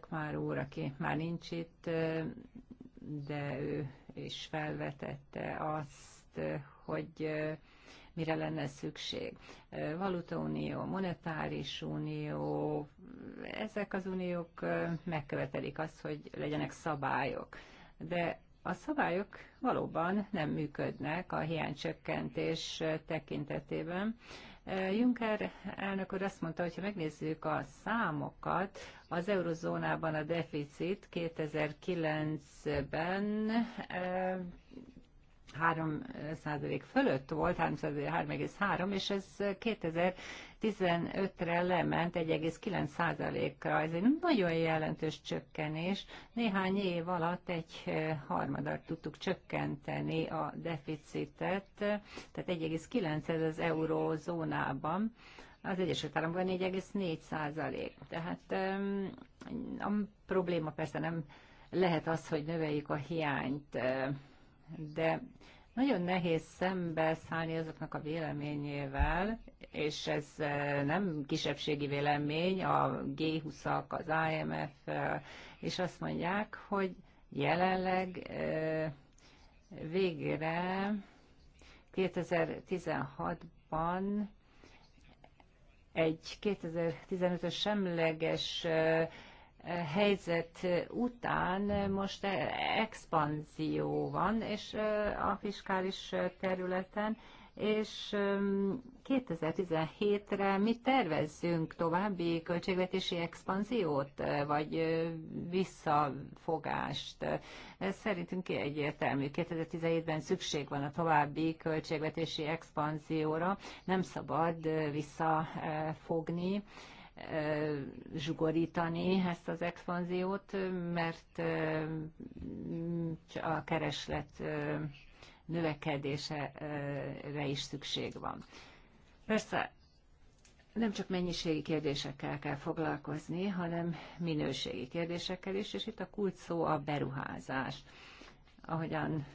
már úr, aki már nincs itt, de ő is felvetette azt, hogy mire lenne szükség. Valutaunió, monetáris unió, ezek az uniók megkövetelik azt, hogy legyenek szabályok. De a szabályok valóban nem működnek a hiánycsökkentés tekintetében. Juncker elnök úr azt mondta, hogy ha megnézzük a számokat, az eurozónában a deficit 2009-ben 3 százalék fölött volt, 3,3, és ez 2015-re lement 1,9 ra Ez egy nagyon jelentős csökkenés. Néhány év alatt egy harmadat tudtuk csökkenteni a deficitet, tehát 1,9 ez az eurózónában az Egyesült Államokban 4,4 százalék. Tehát a probléma persze nem lehet az, hogy növeljük a hiányt de nagyon nehéz szembeszállni azoknak a véleményével, és ez eh, nem kisebbségi vélemény, a G20-ak, az IMF, eh, és azt mondják, hogy jelenleg eh, végre 2016-ban egy 2015-ös semleges helyzet után most expanzió van, és a fiskális területen, és 2017-re mi tervezzünk további költségvetési expanziót, vagy visszafogást? Szerintünk egyértelmű, 2017-ben szükség van a további költségvetési expanzióra, nem szabad visszafogni zsugorítani ezt az expanziót, mert a kereslet növekedésre is szükség van. Persze nem csak mennyiségi kérdésekkel kell foglalkozni, hanem minőségi kérdésekkel is, és itt a kulcs szó a beruházás. Ahogyan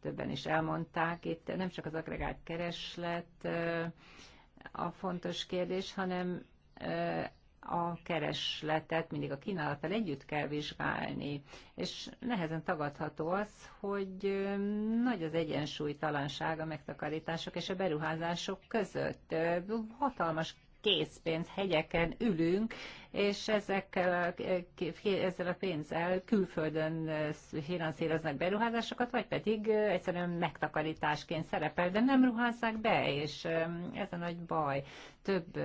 többen is elmondták, itt nem csak az agregált kereslet a fontos kérdés, hanem a keresletet mindig a kínálattal együtt kell vizsgálni, és nehezen tagadható az, hogy nagy az egyensúlytalanság a megtakarítások és a beruházások között. Hatalmas készpénz hegyeken ülünk, és ezekkel a, ezzel a pénzzel külföldön finanszíroznak beruházásokat, vagy pedig egyszerűen megtakarításként szerepel, de nem ruházzák be, és ez a nagy baj. Több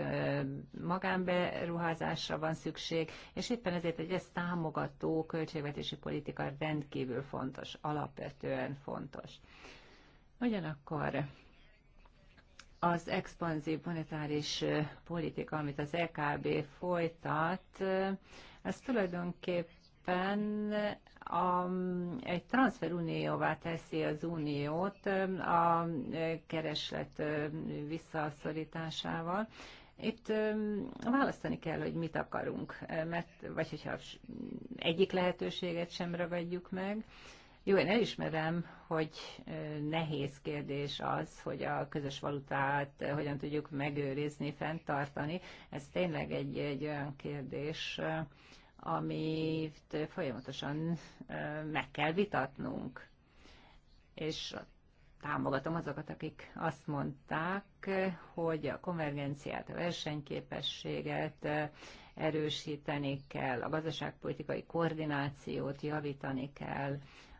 magánberuházásra van szükség, és éppen ezért egy ezt támogató költségvetési politika rendkívül fontos, alapvetően fontos. Ugyanakkor az expanzív monetáris politika, amit az EKB folytat, ez tulajdonképpen a, egy transferunióvá teszi az uniót a kereslet visszaszorításával, itt választani kell, hogy mit akarunk, mert, vagy hogyha egyik lehetőséget sem ragadjuk meg, jó, én elismerem, hogy nehéz kérdés az, hogy a közös valutát hogyan tudjuk megőrizni, fenntartani. Ez tényleg egy, egy olyan kérdés, amit folyamatosan meg kell vitatnunk. És támogatom azokat, akik azt mondták, hogy a konvergenciát, a versenyképességet erősíteni kell, a gazdaságpolitikai koordinációt javítani kell,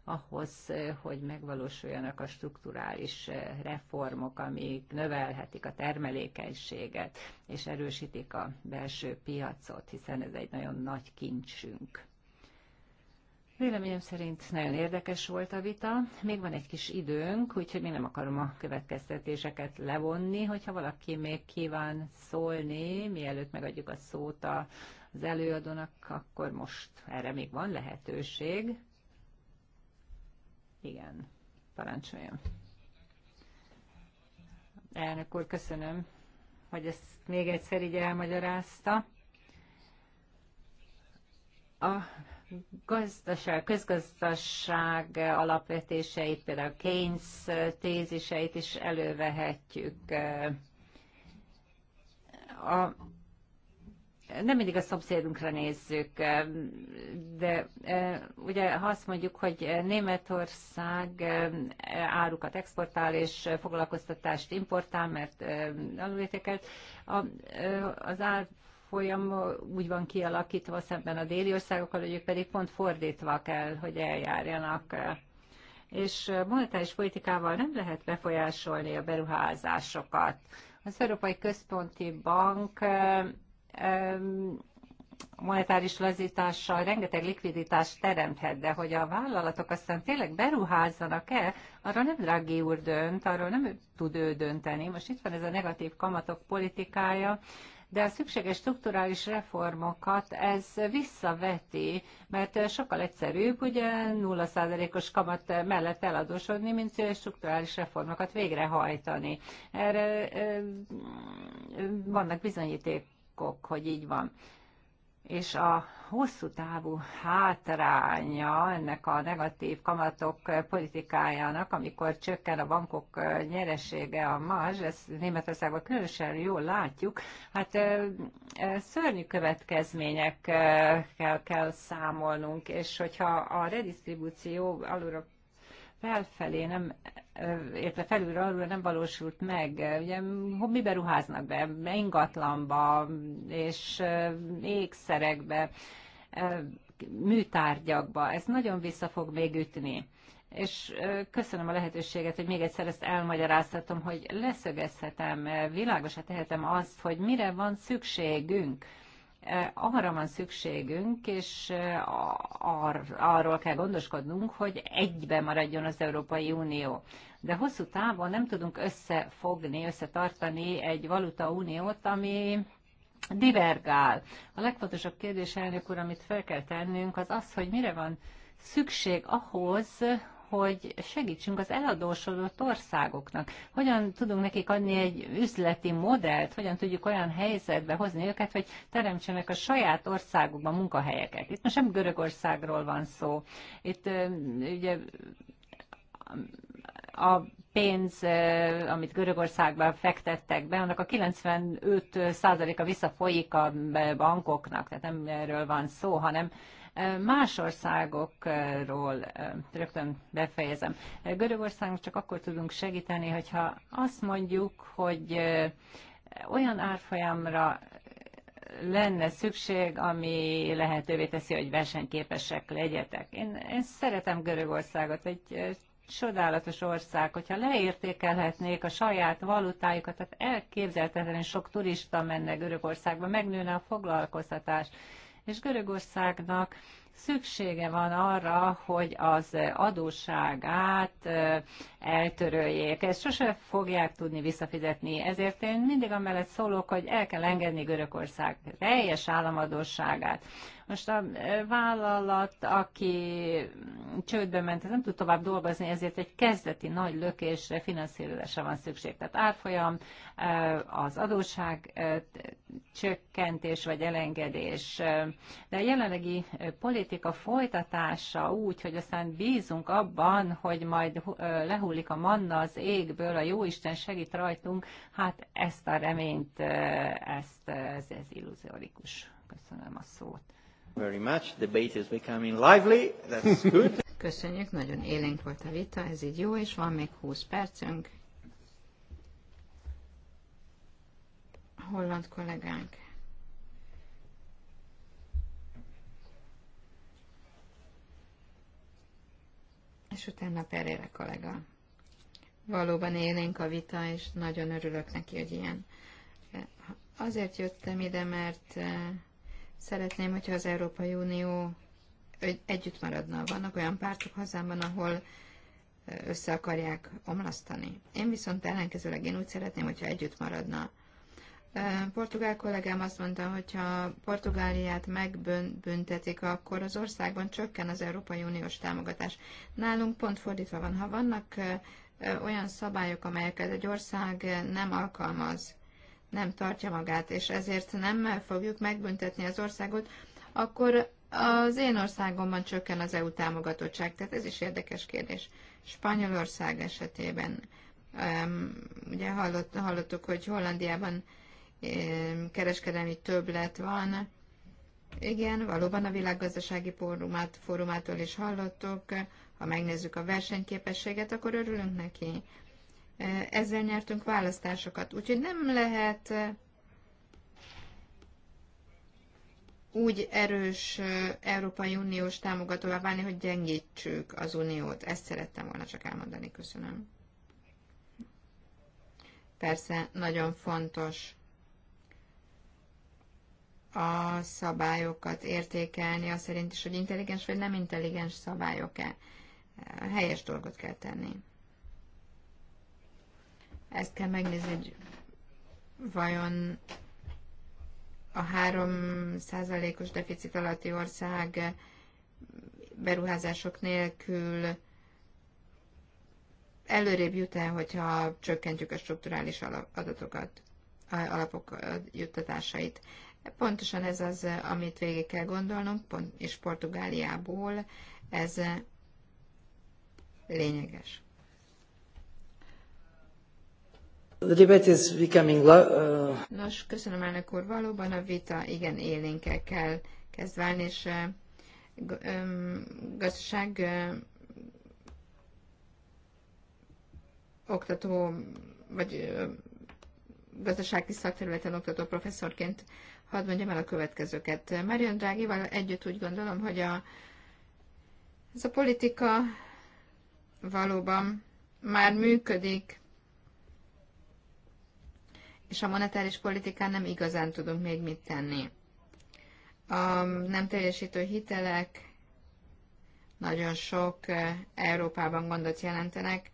ahhoz, eh, hogy megvalósuljanak a strukturális eh, reformok, amik növelhetik a termelékenységet, és erősítik a belső piacot, hiszen ez egy nagyon nagy kincsünk. Véleményem szerint nagyon érdekes volt a vita. Még van egy kis időnk, úgyhogy még nem akarom a következtetéseket levonni. Hogyha valaki még kíván szólni, mielőtt megadjuk a szót az előadónak, akkor most erre még van lehetőség. Igen, parancsoljon. Elnök úr, köszönöm, hogy ezt még egyszer így elmagyarázta. A gazdaság, közgazdaság alapvetéseit, például Keynes téziseit is elővehetjük. A nem mindig a szomszédunkra nézzük, de e, ugye ha azt mondjuk, hogy Németország e, árukat exportál és foglalkoztatást importál, mert e, alulértékelt, az ár folyam úgy van kialakítva szemben a déli országokkal, hogy ők pedig pont fordítva kell, hogy eljárjanak. És monetáris politikával nem lehet befolyásolni a beruházásokat. Az Európai Központi Bank monetáris lazítással rengeteg likviditást teremthet, de hogy a vállalatok aztán tényleg beruházzanak-e, arról nem Draghi úr dönt, arról nem tud ő dönteni. Most itt van ez a negatív kamatok politikája, de a szükséges strukturális reformokat ez visszaveti, mert sokkal egyszerűbb ugye 0%-os kamat mellett eladósodni, mint strukturális reformokat végrehajtani. Erre vannak bizonyíték sokkok, hogy így van. És a hosszú távú hátránya ennek a negatív kamatok politikájának, amikor csökken a bankok nyeresége, a mazs, ezt Németországban különösen jól látjuk, hát szörnyű következményekkel kell számolnunk, és hogyha a redistribúció alulról felfelé, nem, érte felülről arról nem valósult meg. Ugye mibe ruháznak be? Ingatlanba és ékszerekbe, műtárgyakba. Ez nagyon vissza fog még ütni és köszönöm a lehetőséget, hogy még egyszer ezt elmagyaráztatom, hogy leszögezhetem, világosra tehetem azt, hogy mire van szükségünk Eh, arra van szükségünk, és eh, ar- arról kell gondoskodnunk, hogy egybe maradjon az Európai Unió. De hosszú távon nem tudunk összefogni, összetartani egy valuta uniót, ami divergál. A legfontosabb kérdés, elnök úr, amit fel kell tennünk, az az, hogy mire van szükség ahhoz, hogy segítsünk az eladósodott országoknak. Hogyan tudunk nekik adni egy üzleti modellt, hogyan tudjuk olyan helyzetbe hozni őket, hogy teremtsenek a saját országukban munkahelyeket. Itt most nem Görögországról van szó. Itt ugye a pénz, amit Görögországban fektettek be, annak a 95%-a visszafolyik a bankoknak, tehát nem erről van szó, hanem Más országokról rögtön befejezem. Görögországnak csak akkor tudunk segíteni, hogyha azt mondjuk, hogy olyan árfolyamra lenne szükség, ami lehetővé teszi, hogy versenyképesek legyetek. Én, én szeretem Görögországot, egy csodálatos ország, hogyha leértékelhetnék a saját valutájukat, tehát elképzelhetetlenül sok turista menne Görögországba, megnőne a foglalkoztatás és Görögországnak szüksége van arra, hogy az adósságát eltöröljék. Ezt sose fogják tudni visszafizetni. Ezért én mindig amellett szólok, hogy el kell engedni Görögország teljes államadóságát. Most a e, vállalat, aki csődbe ment, ez nem tud tovább dolgozni, ezért egy kezdeti nagy lökésre, finanszírozásra van szükség. Tehát árfolyam, e, az adósság e, csökkentés vagy elengedés. De a jelenlegi politika folytatása úgy, hogy aztán bízunk abban, hogy majd lehullik a manna az égből, a jóisten segít rajtunk, hát ezt a reményt, ezt, ez, ez illuziórikus. Köszönöm a szót very much. Debate is becoming lively. That's good. Köszönjük, nagyon élénk volt a vita, ez így jó, és van még 20 percünk. Holland kollégánk. És utána Perére kollega. Valóban élénk a vita, és nagyon örülök neki, hogy ilyen. Azért jöttem ide, mert eh, Szeretném, hogyha az Európai Unió együtt maradna. Vannak olyan pártok hazámban, ahol össze akarják omlasztani. Én viszont ellenkezőleg én úgy szeretném, hogyha együtt maradna. Portugál kollégám azt mondta, hogy ha Portugáliát megbüntetik, akkor az országban csökken az Európai Uniós támogatás. Nálunk pont fordítva van. Ha vannak olyan szabályok, amelyeket egy ország nem alkalmaz, nem tartja magát, és ezért nem fogjuk megbüntetni az országot, akkor az én országomban csökken az EU támogatottság. Tehát ez is érdekes kérdés. Spanyolország esetében, ugye hallott, hallottuk, hogy Hollandiában kereskedelmi többlet van. Igen, valóban a világgazdasági fórumát, fórumától is hallottuk. Ha megnézzük a versenyképességet, akkor örülünk neki. Eh, ezzel nyertünk választásokat. Úgyhogy nem lehet eh, úgy erős eh, Európai Uniós támogatóvá válni, hogy gyengítsük az Uniót. Ezt szerettem volna csak elmondani. Köszönöm. Persze, nagyon fontos a szabályokat értékelni, az szerint is, hogy intelligens vagy nem intelligens szabályok-e. Helyes dolgot kell tenni. Ezt kell megnézni, hogy vajon a 3 százalékos deficit alatti ország beruházások nélkül előrébb jut el, hogyha csökkentjük a strukturális adatokat, alapok juttatásait. Pontosan ez az, amit végig kell gondolnunk, és Portugáliából ez lényeges. Uh, Nos, köszönöm elnök úr, valóban a vita igen élénkkel kell kezd válni, és gazdaság oktató, vagy gazdasági szakterületen oktató professzorként hadd mondjam el a következőket. Marion Drágival együtt úgy gondolom, hogy a, ez a politika valóban már működik, és a monetáris politikán nem igazán tudunk még mit tenni. A nem teljesítő hitelek nagyon sok eh, Európában gondot jelentenek,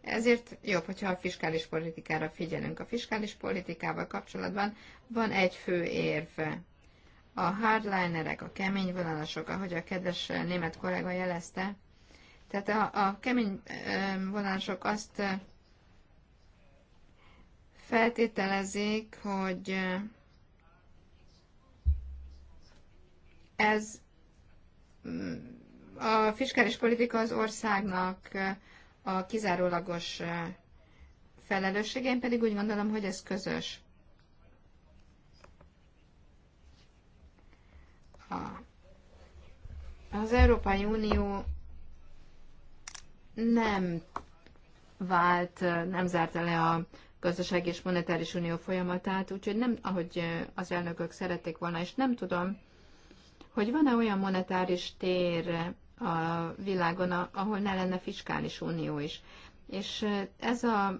ezért jobb, hogyha a fiskális politikára figyelünk. A fiskális politikával kapcsolatban van egy fő érv. A hardlinerek, a kemény vonalasok, ahogy a kedves eh, német kollega jelezte, tehát a, a kemény eh, vonalasok azt feltételezik, hogy eh, ez mm, a fiskális politika az országnak eh, a kizárólagos eh, felelőssége, én pedig úgy gondolom, hogy ez közös. Az Európai Unió nem vált, nem zárta le a gazdaság és monetáris unió folyamatát, úgyhogy nem, ahogy az elnökök szerették volna, és nem tudom, hogy van-e olyan monetáris tér a világon, ahol ne lenne fiskális unió is. És ez a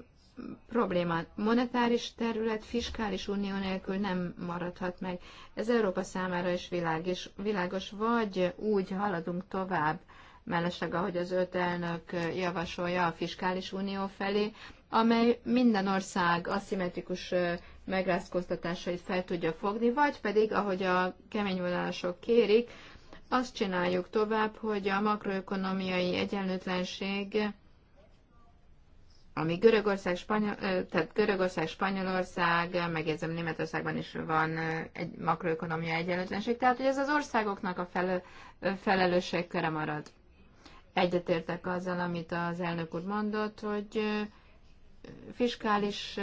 probléma. Monetáris terület fiskális unió nélkül nem maradhat meg. Ez Európa számára is világ, és világos, vagy úgy haladunk tovább, mellesleg, ahogy az öt elnök javasolja a fiskális unió felé, amely minden ország aszimmetrikus megrázkoztatásait fel tudja fogni, vagy pedig, ahogy a kemény kérik, azt csináljuk tovább, hogy a makroökonomiai egyenlőtlenség, ami Görögország, Spanyol, tehát Görögország, Spanyolország, megjegyzem Németországban is van egy makroökonomia egyenlőtlenség, tehát hogy ez az országoknak a fel, köre marad. Egyetértek azzal, amit az elnök úr mondott, hogy fiskális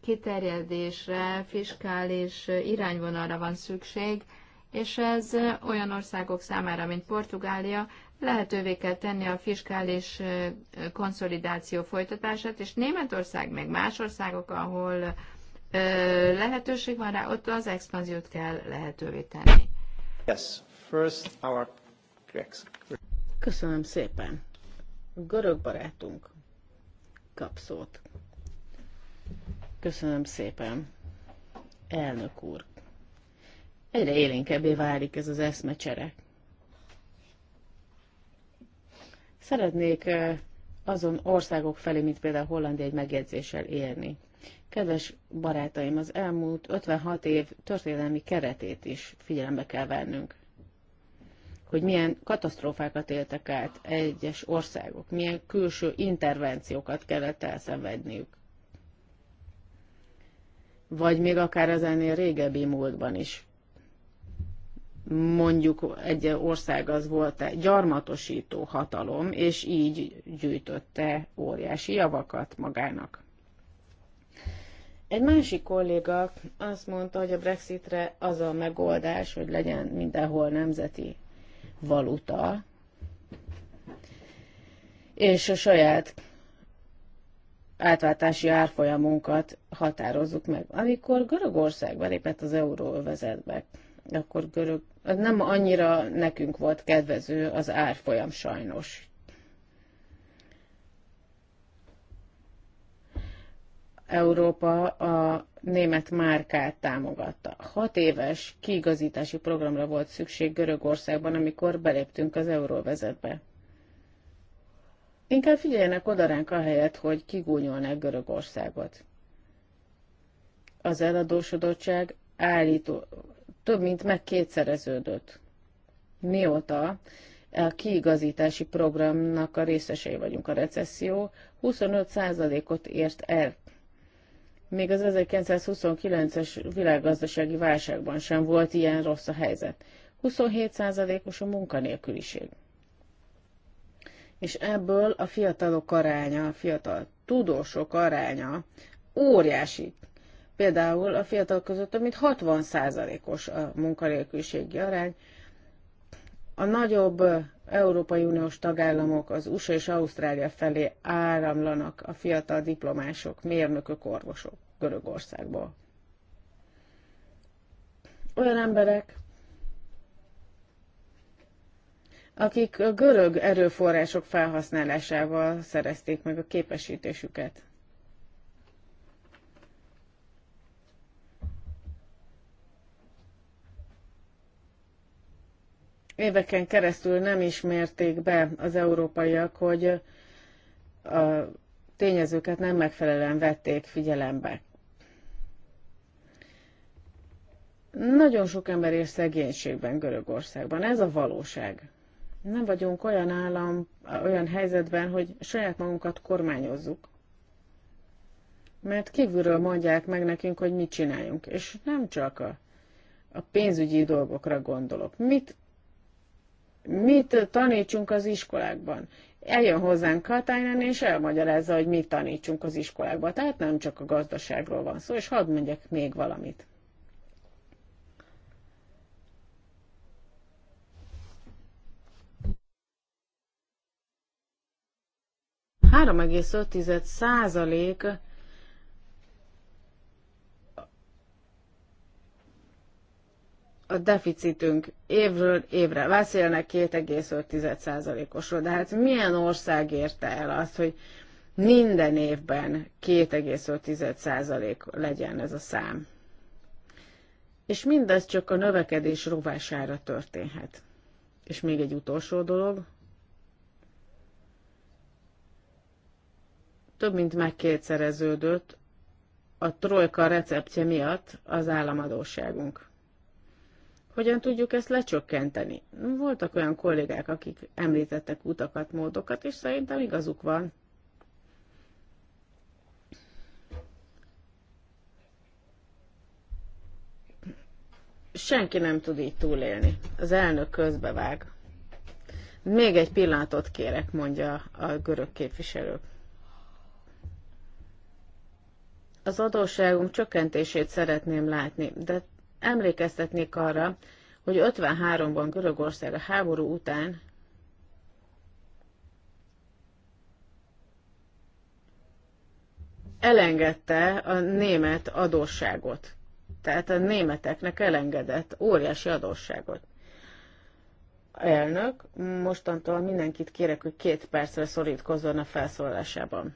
kiterjedésre, fiskális irányvonalra van szükség, és ez olyan országok számára, mint Portugália, lehetővé kell tenni a fiskális konszolidáció folytatását, és Németország, meg más országok, ahol lehetőség van rá, ott az expanziót kell lehetővé tenni. Yes, first our Köszönöm szépen. Görög barátunk kap szót. Köszönöm szépen. Elnök úr. Egyre élénkebbé válik ez az eszmecsere. Szeretnék eh, azon országok felé, mint például Hollandia egy megjegyzéssel élni. Kedves barátaim, az elmúlt 56 év történelmi keretét is figyelembe kell vennünk hogy milyen katasztrófákat éltek át egyes országok, milyen külső intervenciókat kellett elszenvedniük. Vagy még akár az ennél régebbi múltban is. Mondjuk egy ország az volt egy gyarmatosító hatalom, és így gyűjtötte óriási javakat magának. Egy másik kolléga azt mondta, hogy a Brexitre az a megoldás, hogy legyen mindenhol nemzeti valuta, és a saját átváltási árfolyamunkat határozzuk meg. Amikor Görögország belépett az euróövezetbe, akkor görög, nem annyira nekünk volt kedvező az árfolyam sajnos. Európa a német márkát támogatta. Hat éves kiigazítási programra volt szükség Görögországban, amikor beléptünk az euróvezetbe. Inkább figyeljenek oda ránk ahelyett, hogy kigúnyolnák Görögországot. Az eladósodottság állító, több mint meg kétszereződött. Mióta a kiigazítási programnak a részesei vagyunk a recesszió, 25%-ot ért el még az 1929-es világgazdasági válságban sem volt ilyen rossz a helyzet. 27%-os a munkanélküliség. És ebből a fiatalok aránya, a fiatal tudósok aránya óriási. Például a fiatal között több mint 60%-os a munkanélküliségi arány. A nagyobb Európai Uniós tagállamok az USA és Ausztrália felé áramlanak a fiatal diplomások, mérnökök, orvosok. Görögországból. Olyan emberek, akik a görög erőforrások felhasználásával szerezték meg a képesítésüket. éveken keresztül nem ismerték be az európaiak, hogy a tényezőket nem megfelelően vették figyelembe. Nagyon sok ember él szegénységben Görögországban. Ez a valóság. Nem vagyunk olyan állam, olyan helyzetben, hogy saját magunkat kormányozzuk. Mert kívülről mondják meg nekünk, hogy mit csináljunk. És nem csak a, a pénzügyi dolgokra gondolok. Mit, mit tanítsunk az iskolákban? eljön hozzánk Katájnán, és elmagyarázza, hogy mit tanítsunk az iskolákban. Tehát nem csak a gazdaságról van szó, és hadd mondjak még valamit. 3,5 százalék a deficitünk évről évre. Beszélnek 25 százalékosról, de hát milyen ország érte el azt, hogy minden évben 2,5% legyen ez a szám? És mindez csak a növekedés rovására történhet. És még egy utolsó dolog. több mint megkétszereződött a trojka receptje miatt az államadóságunk. Hogyan tudjuk ezt lecsökkenteni? Voltak olyan kollégák, akik említettek utakat, módokat, és szerintem igazuk van. Senki nem tud így túlélni. Az elnök közbevág. Még egy pillanatot kérek, mondja a görög képviselők. az adósságunk csökkentését szeretném látni, de emlékeztetnék arra, hogy 53-ban Görögország a háború után elengedte a német adósságot. Tehát a németeknek elengedett óriási adósságot. Elnök, mostantól mindenkit kérek, hogy két percre szorítkozzon a felszólásában.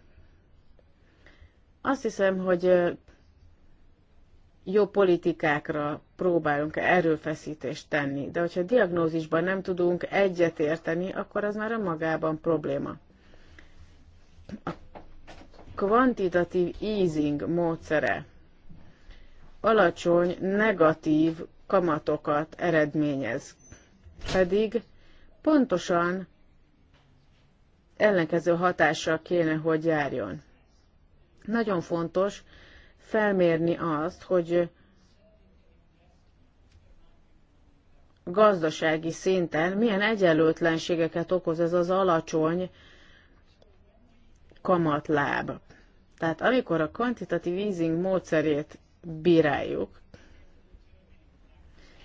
Azt hiszem, hogy jó politikákra próbálunk erőfeszítést tenni, de hogyha diagnózisban nem tudunk egyet érteni, akkor az már önmagában probléma. A kvantitatív easing módszere alacsony negatív kamatokat eredményez, pedig pontosan ellenkező hatással kéne, hogy járjon. Nagyon fontos felmérni azt, hogy gazdasági szinten milyen egyenlőtlenségeket okoz ez az alacsony kamatláb. Tehát amikor a kvantitatív easing módszerét bíráljuk,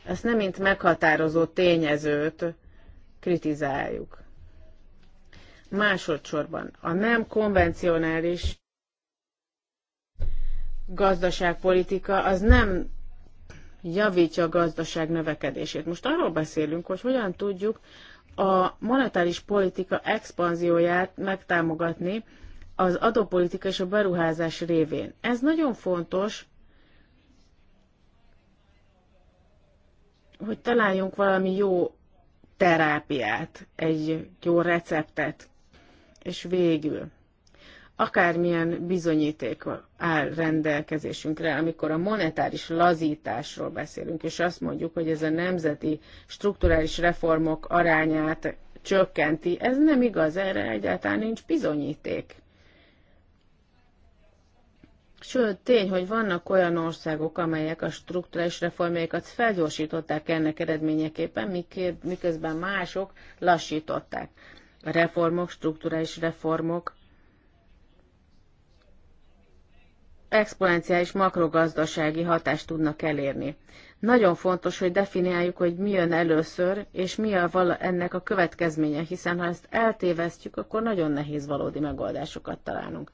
ezt nem mint meghatározó tényezőt kritizáljuk. Másodszorban a nem konvencionális gazdaságpolitika az nem javítja a gazdaság növekedését. Most arról beszélünk, hogy hogyan tudjuk a monetáris politika expanzióját megtámogatni az adópolitika és a beruházás révén. Ez nagyon fontos, hogy találjunk valami jó terápiát, egy jó receptet, és végül akármilyen bizonyíték áll rendelkezésünkre, amikor a monetáris lazításról beszélünk, és azt mondjuk, hogy ez a nemzeti strukturális reformok arányát csökkenti, ez nem igaz, erre egyáltalán nincs bizonyíték. Sőt, tény, hogy vannak olyan országok, amelyek a strukturális reformjaikat felgyorsították ennek eredményeképpen, miközben mások lassították. A reformok, strukturális reformok exponenciális makrogazdasági hatást tudnak elérni. Nagyon fontos, hogy definiáljuk, hogy mi jön először, és mi a vala ennek a következménye, hiszen ha ezt eltévesztjük, akkor nagyon nehéz valódi megoldásokat találnunk.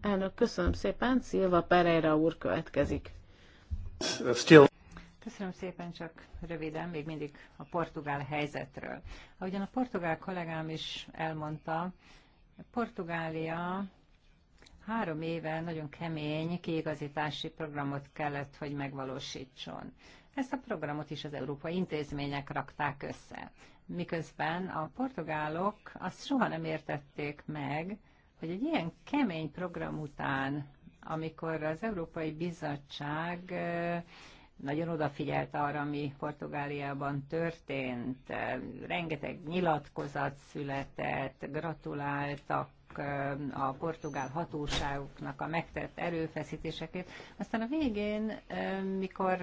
Elnök, köszönöm szépen, Szilva Pereira úr következik. Still. Köszönöm szépen, csak röviden, még mindig a portugál helyzetről. Ahogyan a portugál kollégám is elmondta, Portugália három éve nagyon kemény kiigazítási programot kellett, hogy megvalósítson. Ezt a programot is az európai intézmények rakták össze. Miközben a portugálok azt soha nem értették meg, hogy egy ilyen kemény program után, amikor az Európai Bizottság nagyon odafigyelt arra, ami Portugáliában történt. Rengeteg nyilatkozat született, gratuláltak a portugál hatóságoknak a megtett erőfeszítéseket, Aztán a végén, mikor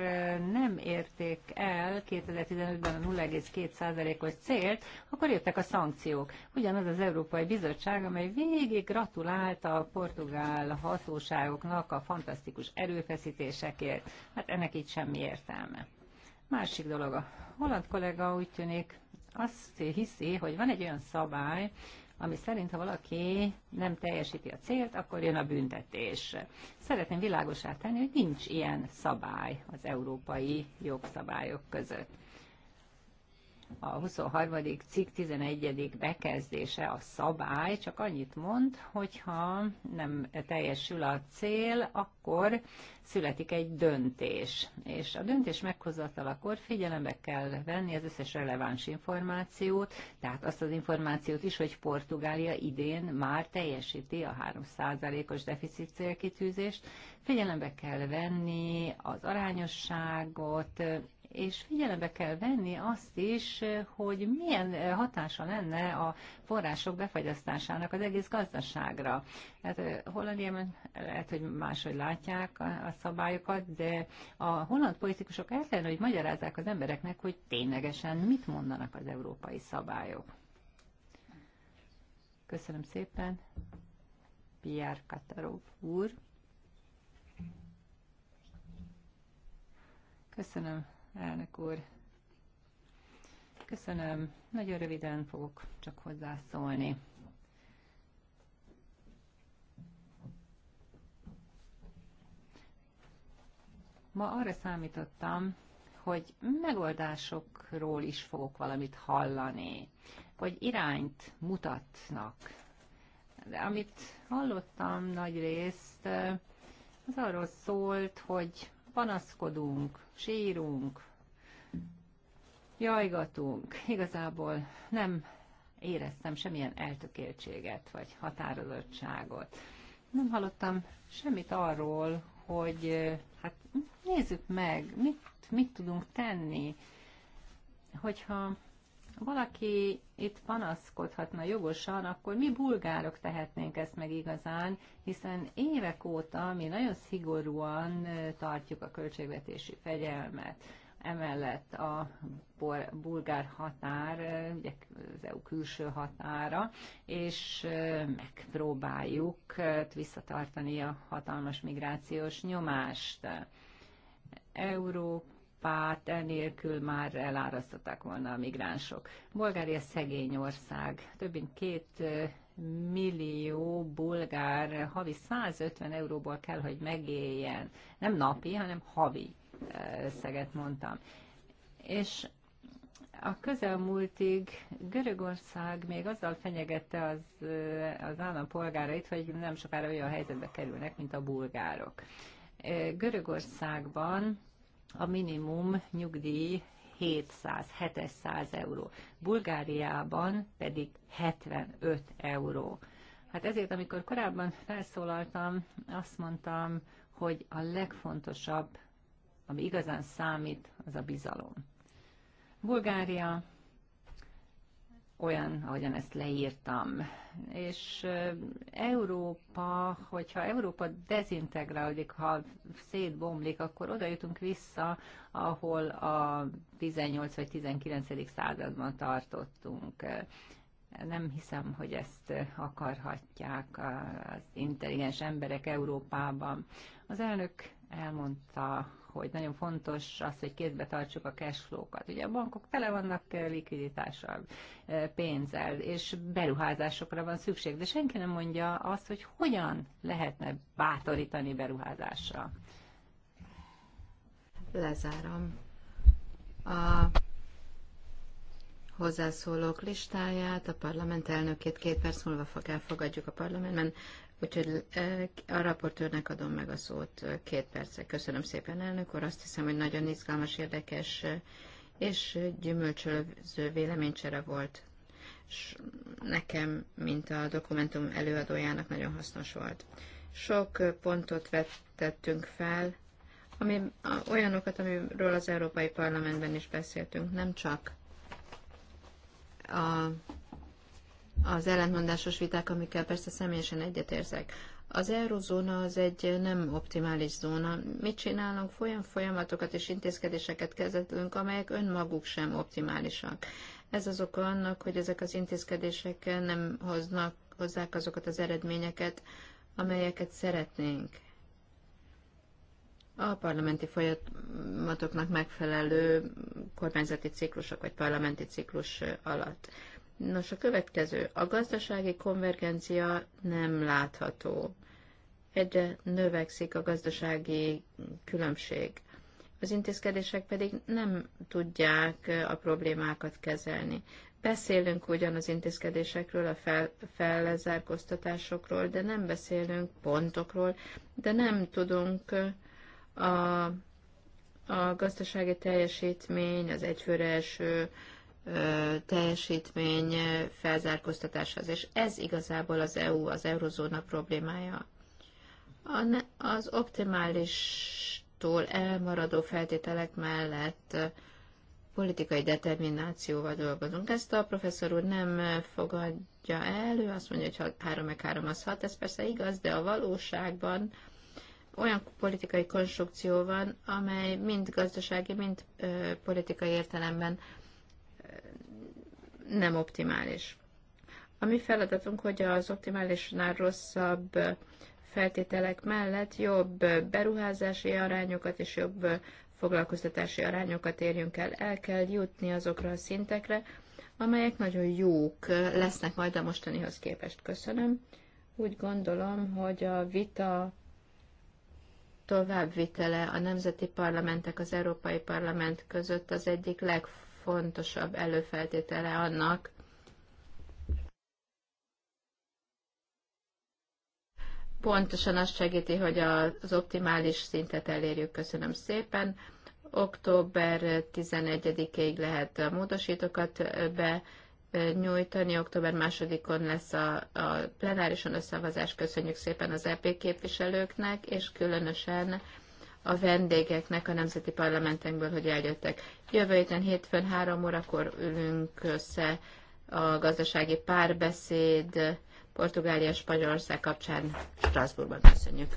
nem érték el 2015-ben a 0,2%-os célt, akkor jöttek a szankciók. Ugyanaz az Európai Bizottság, amely végig gratulált a portugál hatóságoknak a fantasztikus erőfeszítésekért. Hát ennek így semmi értelme. Másik dolog, a holland kollega úgy tűnik azt hiszi, hogy van egy olyan szabály, ami szerint, ha valaki nem teljesíti a célt, akkor jön a büntetés. Szeretném világosá tenni, hogy nincs ilyen szabály az európai jogszabályok között a 23. cikk 11. bekezdése a szabály, csak annyit mond, hogyha nem teljesül a cél, akkor születik egy döntés. És a döntés meghozatalakor figyelembe kell venni az összes releváns információt, tehát azt az információt is, hogy Portugália idén már teljesíti a 3%-os deficit célkitűzést, figyelembe kell venni az arányosságot, és figyelembe kell venni azt is, hogy milyen hatása lenne a források befagyasztásának az egész gazdaságra. Hát Hollandiában lehet, hogy máshogy látják a szabályokat, de a holland politikusok el kellene, hogy magyarázzák az embereknek, hogy ténylegesen mit mondanak az európai szabályok. Köszönöm szépen. Pierre Katarov úr. Köszönöm elnök úr. Köszönöm. Nagyon röviden fogok csak hozzászólni. Ma arra számítottam, hogy megoldásokról is fogok valamit hallani, hogy irányt mutatnak. De amit hallottam nagy részt, az arról szólt, hogy panaszkodunk, sírunk, jajgatunk. Igazából nem éreztem semmilyen eltökéltséget vagy határozottságot. Nem hallottam semmit arról, hogy hát nézzük meg, mit, mit tudunk tenni, hogyha valaki itt panaszkodhatna jogosan, akkor mi bulgárok tehetnénk ezt meg igazán, hiszen évek óta mi nagyon szigorúan tartjuk a költségvetési fegyelmet. Emellett a bulgár határ, ugye az EU külső határa, és megpróbáljuk visszatartani a hatalmas migrációs nyomást. Európa Európát enélkül már elárasztották volna a migránsok. Bulgária szegény ország, több mint két millió bulgár havi 150 euróból kell, hogy megéljen. Nem napi, hanem havi szeget mondtam. És a közelmúltig Görögország még azzal fenyegette az, az állampolgárait, hogy nem sokára olyan helyzetbe kerülnek, mint a bulgárok. Görögországban a minimum nyugdíj 700-700 euró. Bulgáriában pedig 75 euró. Hát ezért, amikor korábban felszólaltam, azt mondtam, hogy a legfontosabb, ami igazán számít, az a bizalom. Bulgária olyan, ahogyan ezt leírtam. És Európa, hogyha Európa dezintegrálódik, ha szétbomlik, akkor oda jutunk vissza, ahol a 18 vagy 19. században tartottunk. Nem hiszem, hogy ezt akarhatják az intelligens emberek Európában. Az elnök elmondta, hogy nagyon fontos az, hogy kézbe tartsuk a cashflow-kat. Ugye a bankok tele vannak eh, likviditással, eh, pénzzel, és beruházásokra van szükség, de senki nem mondja azt, hogy hogyan lehetne bátorítani beruházásra. Lezárom a hozzászólók listáját, a parlament elnökét két perc múlva fog elfogadjuk a parlamentben. Úgyhogy a raportőrnek adom meg a szót két perce. Köszönöm szépen, elnök úr. Azt hiszem, hogy nagyon izgalmas, érdekes és gyümölcsölöző véleménycsere volt. S nekem, mint a dokumentum előadójának nagyon hasznos volt. Sok pontot vettettünk fel, ami, olyanokat, amiről az Európai Parlamentben is beszéltünk, nem csak a az ellentmondásos viták, amikkel persze személyesen egyetérzek. Az eurozóna az egy nem optimális zóna. Mit csinálunk? Folyam folyamatokat és intézkedéseket kezdetünk, amelyek önmaguk sem optimálisak. Ez az oka annak, hogy ezek az intézkedések nem hoznak hozzák azokat az eredményeket, amelyeket szeretnénk. A parlamenti folyamatoknak megfelelő kormányzati ciklusok vagy parlamenti ciklus alatt. Nos, a következő. A gazdasági konvergencia nem látható. Egyre növekszik a gazdasági különbség. Az intézkedések pedig nem tudják eh, a problémákat kezelni. Beszélünk ugyan az intézkedésekről, a fel, fellezárkóztatásokról, de nem beszélünk pontokról, de nem tudunk eh, a, a gazdasági teljesítmény, az egyfőre eső, teljesítmény felzárkóztatáshoz. És ez igazából az EU, az eurozóna problémája. Az optimálistól elmaradó feltételek mellett politikai determinációval dolgozunk. Ezt a professzor úr nem fogadja el, ő azt mondja, hogy 3 meg 3 az 6, ez persze igaz, de a valóságban olyan politikai konstrukció van, amely mind gazdasági, mind ö, politikai értelemben nem optimális. A mi feladatunk, hogy az optimálisnál rosszabb feltételek mellett jobb beruházási arányokat és jobb foglalkoztatási arányokat érjünk el. El kell jutni azokra a szintekre, amelyek nagyon jók lesznek majd a mostanihoz képest. Köszönöm. Úgy gondolom, hogy a vita továbbvitele a nemzeti parlamentek, az Európai Parlament között az egyik legfontosabb legfontosabb előfeltétele annak, pontosan azt segíti, hogy az optimális szintet elérjük. Köszönöm szépen. Október 11-ig lehet a módosítókat benyújtani, október 2-on lesz a, a plenárison a szavazás. Köszönjük szépen az EP képviselőknek, és különösen a vendégeknek a nemzeti parlamentekből, hogy eljöttek. Jövő héten hétfőn három órakor ülünk össze a gazdasági párbeszéd Portugália Spanyolország kapcsán Strasbourgban. Köszönjük!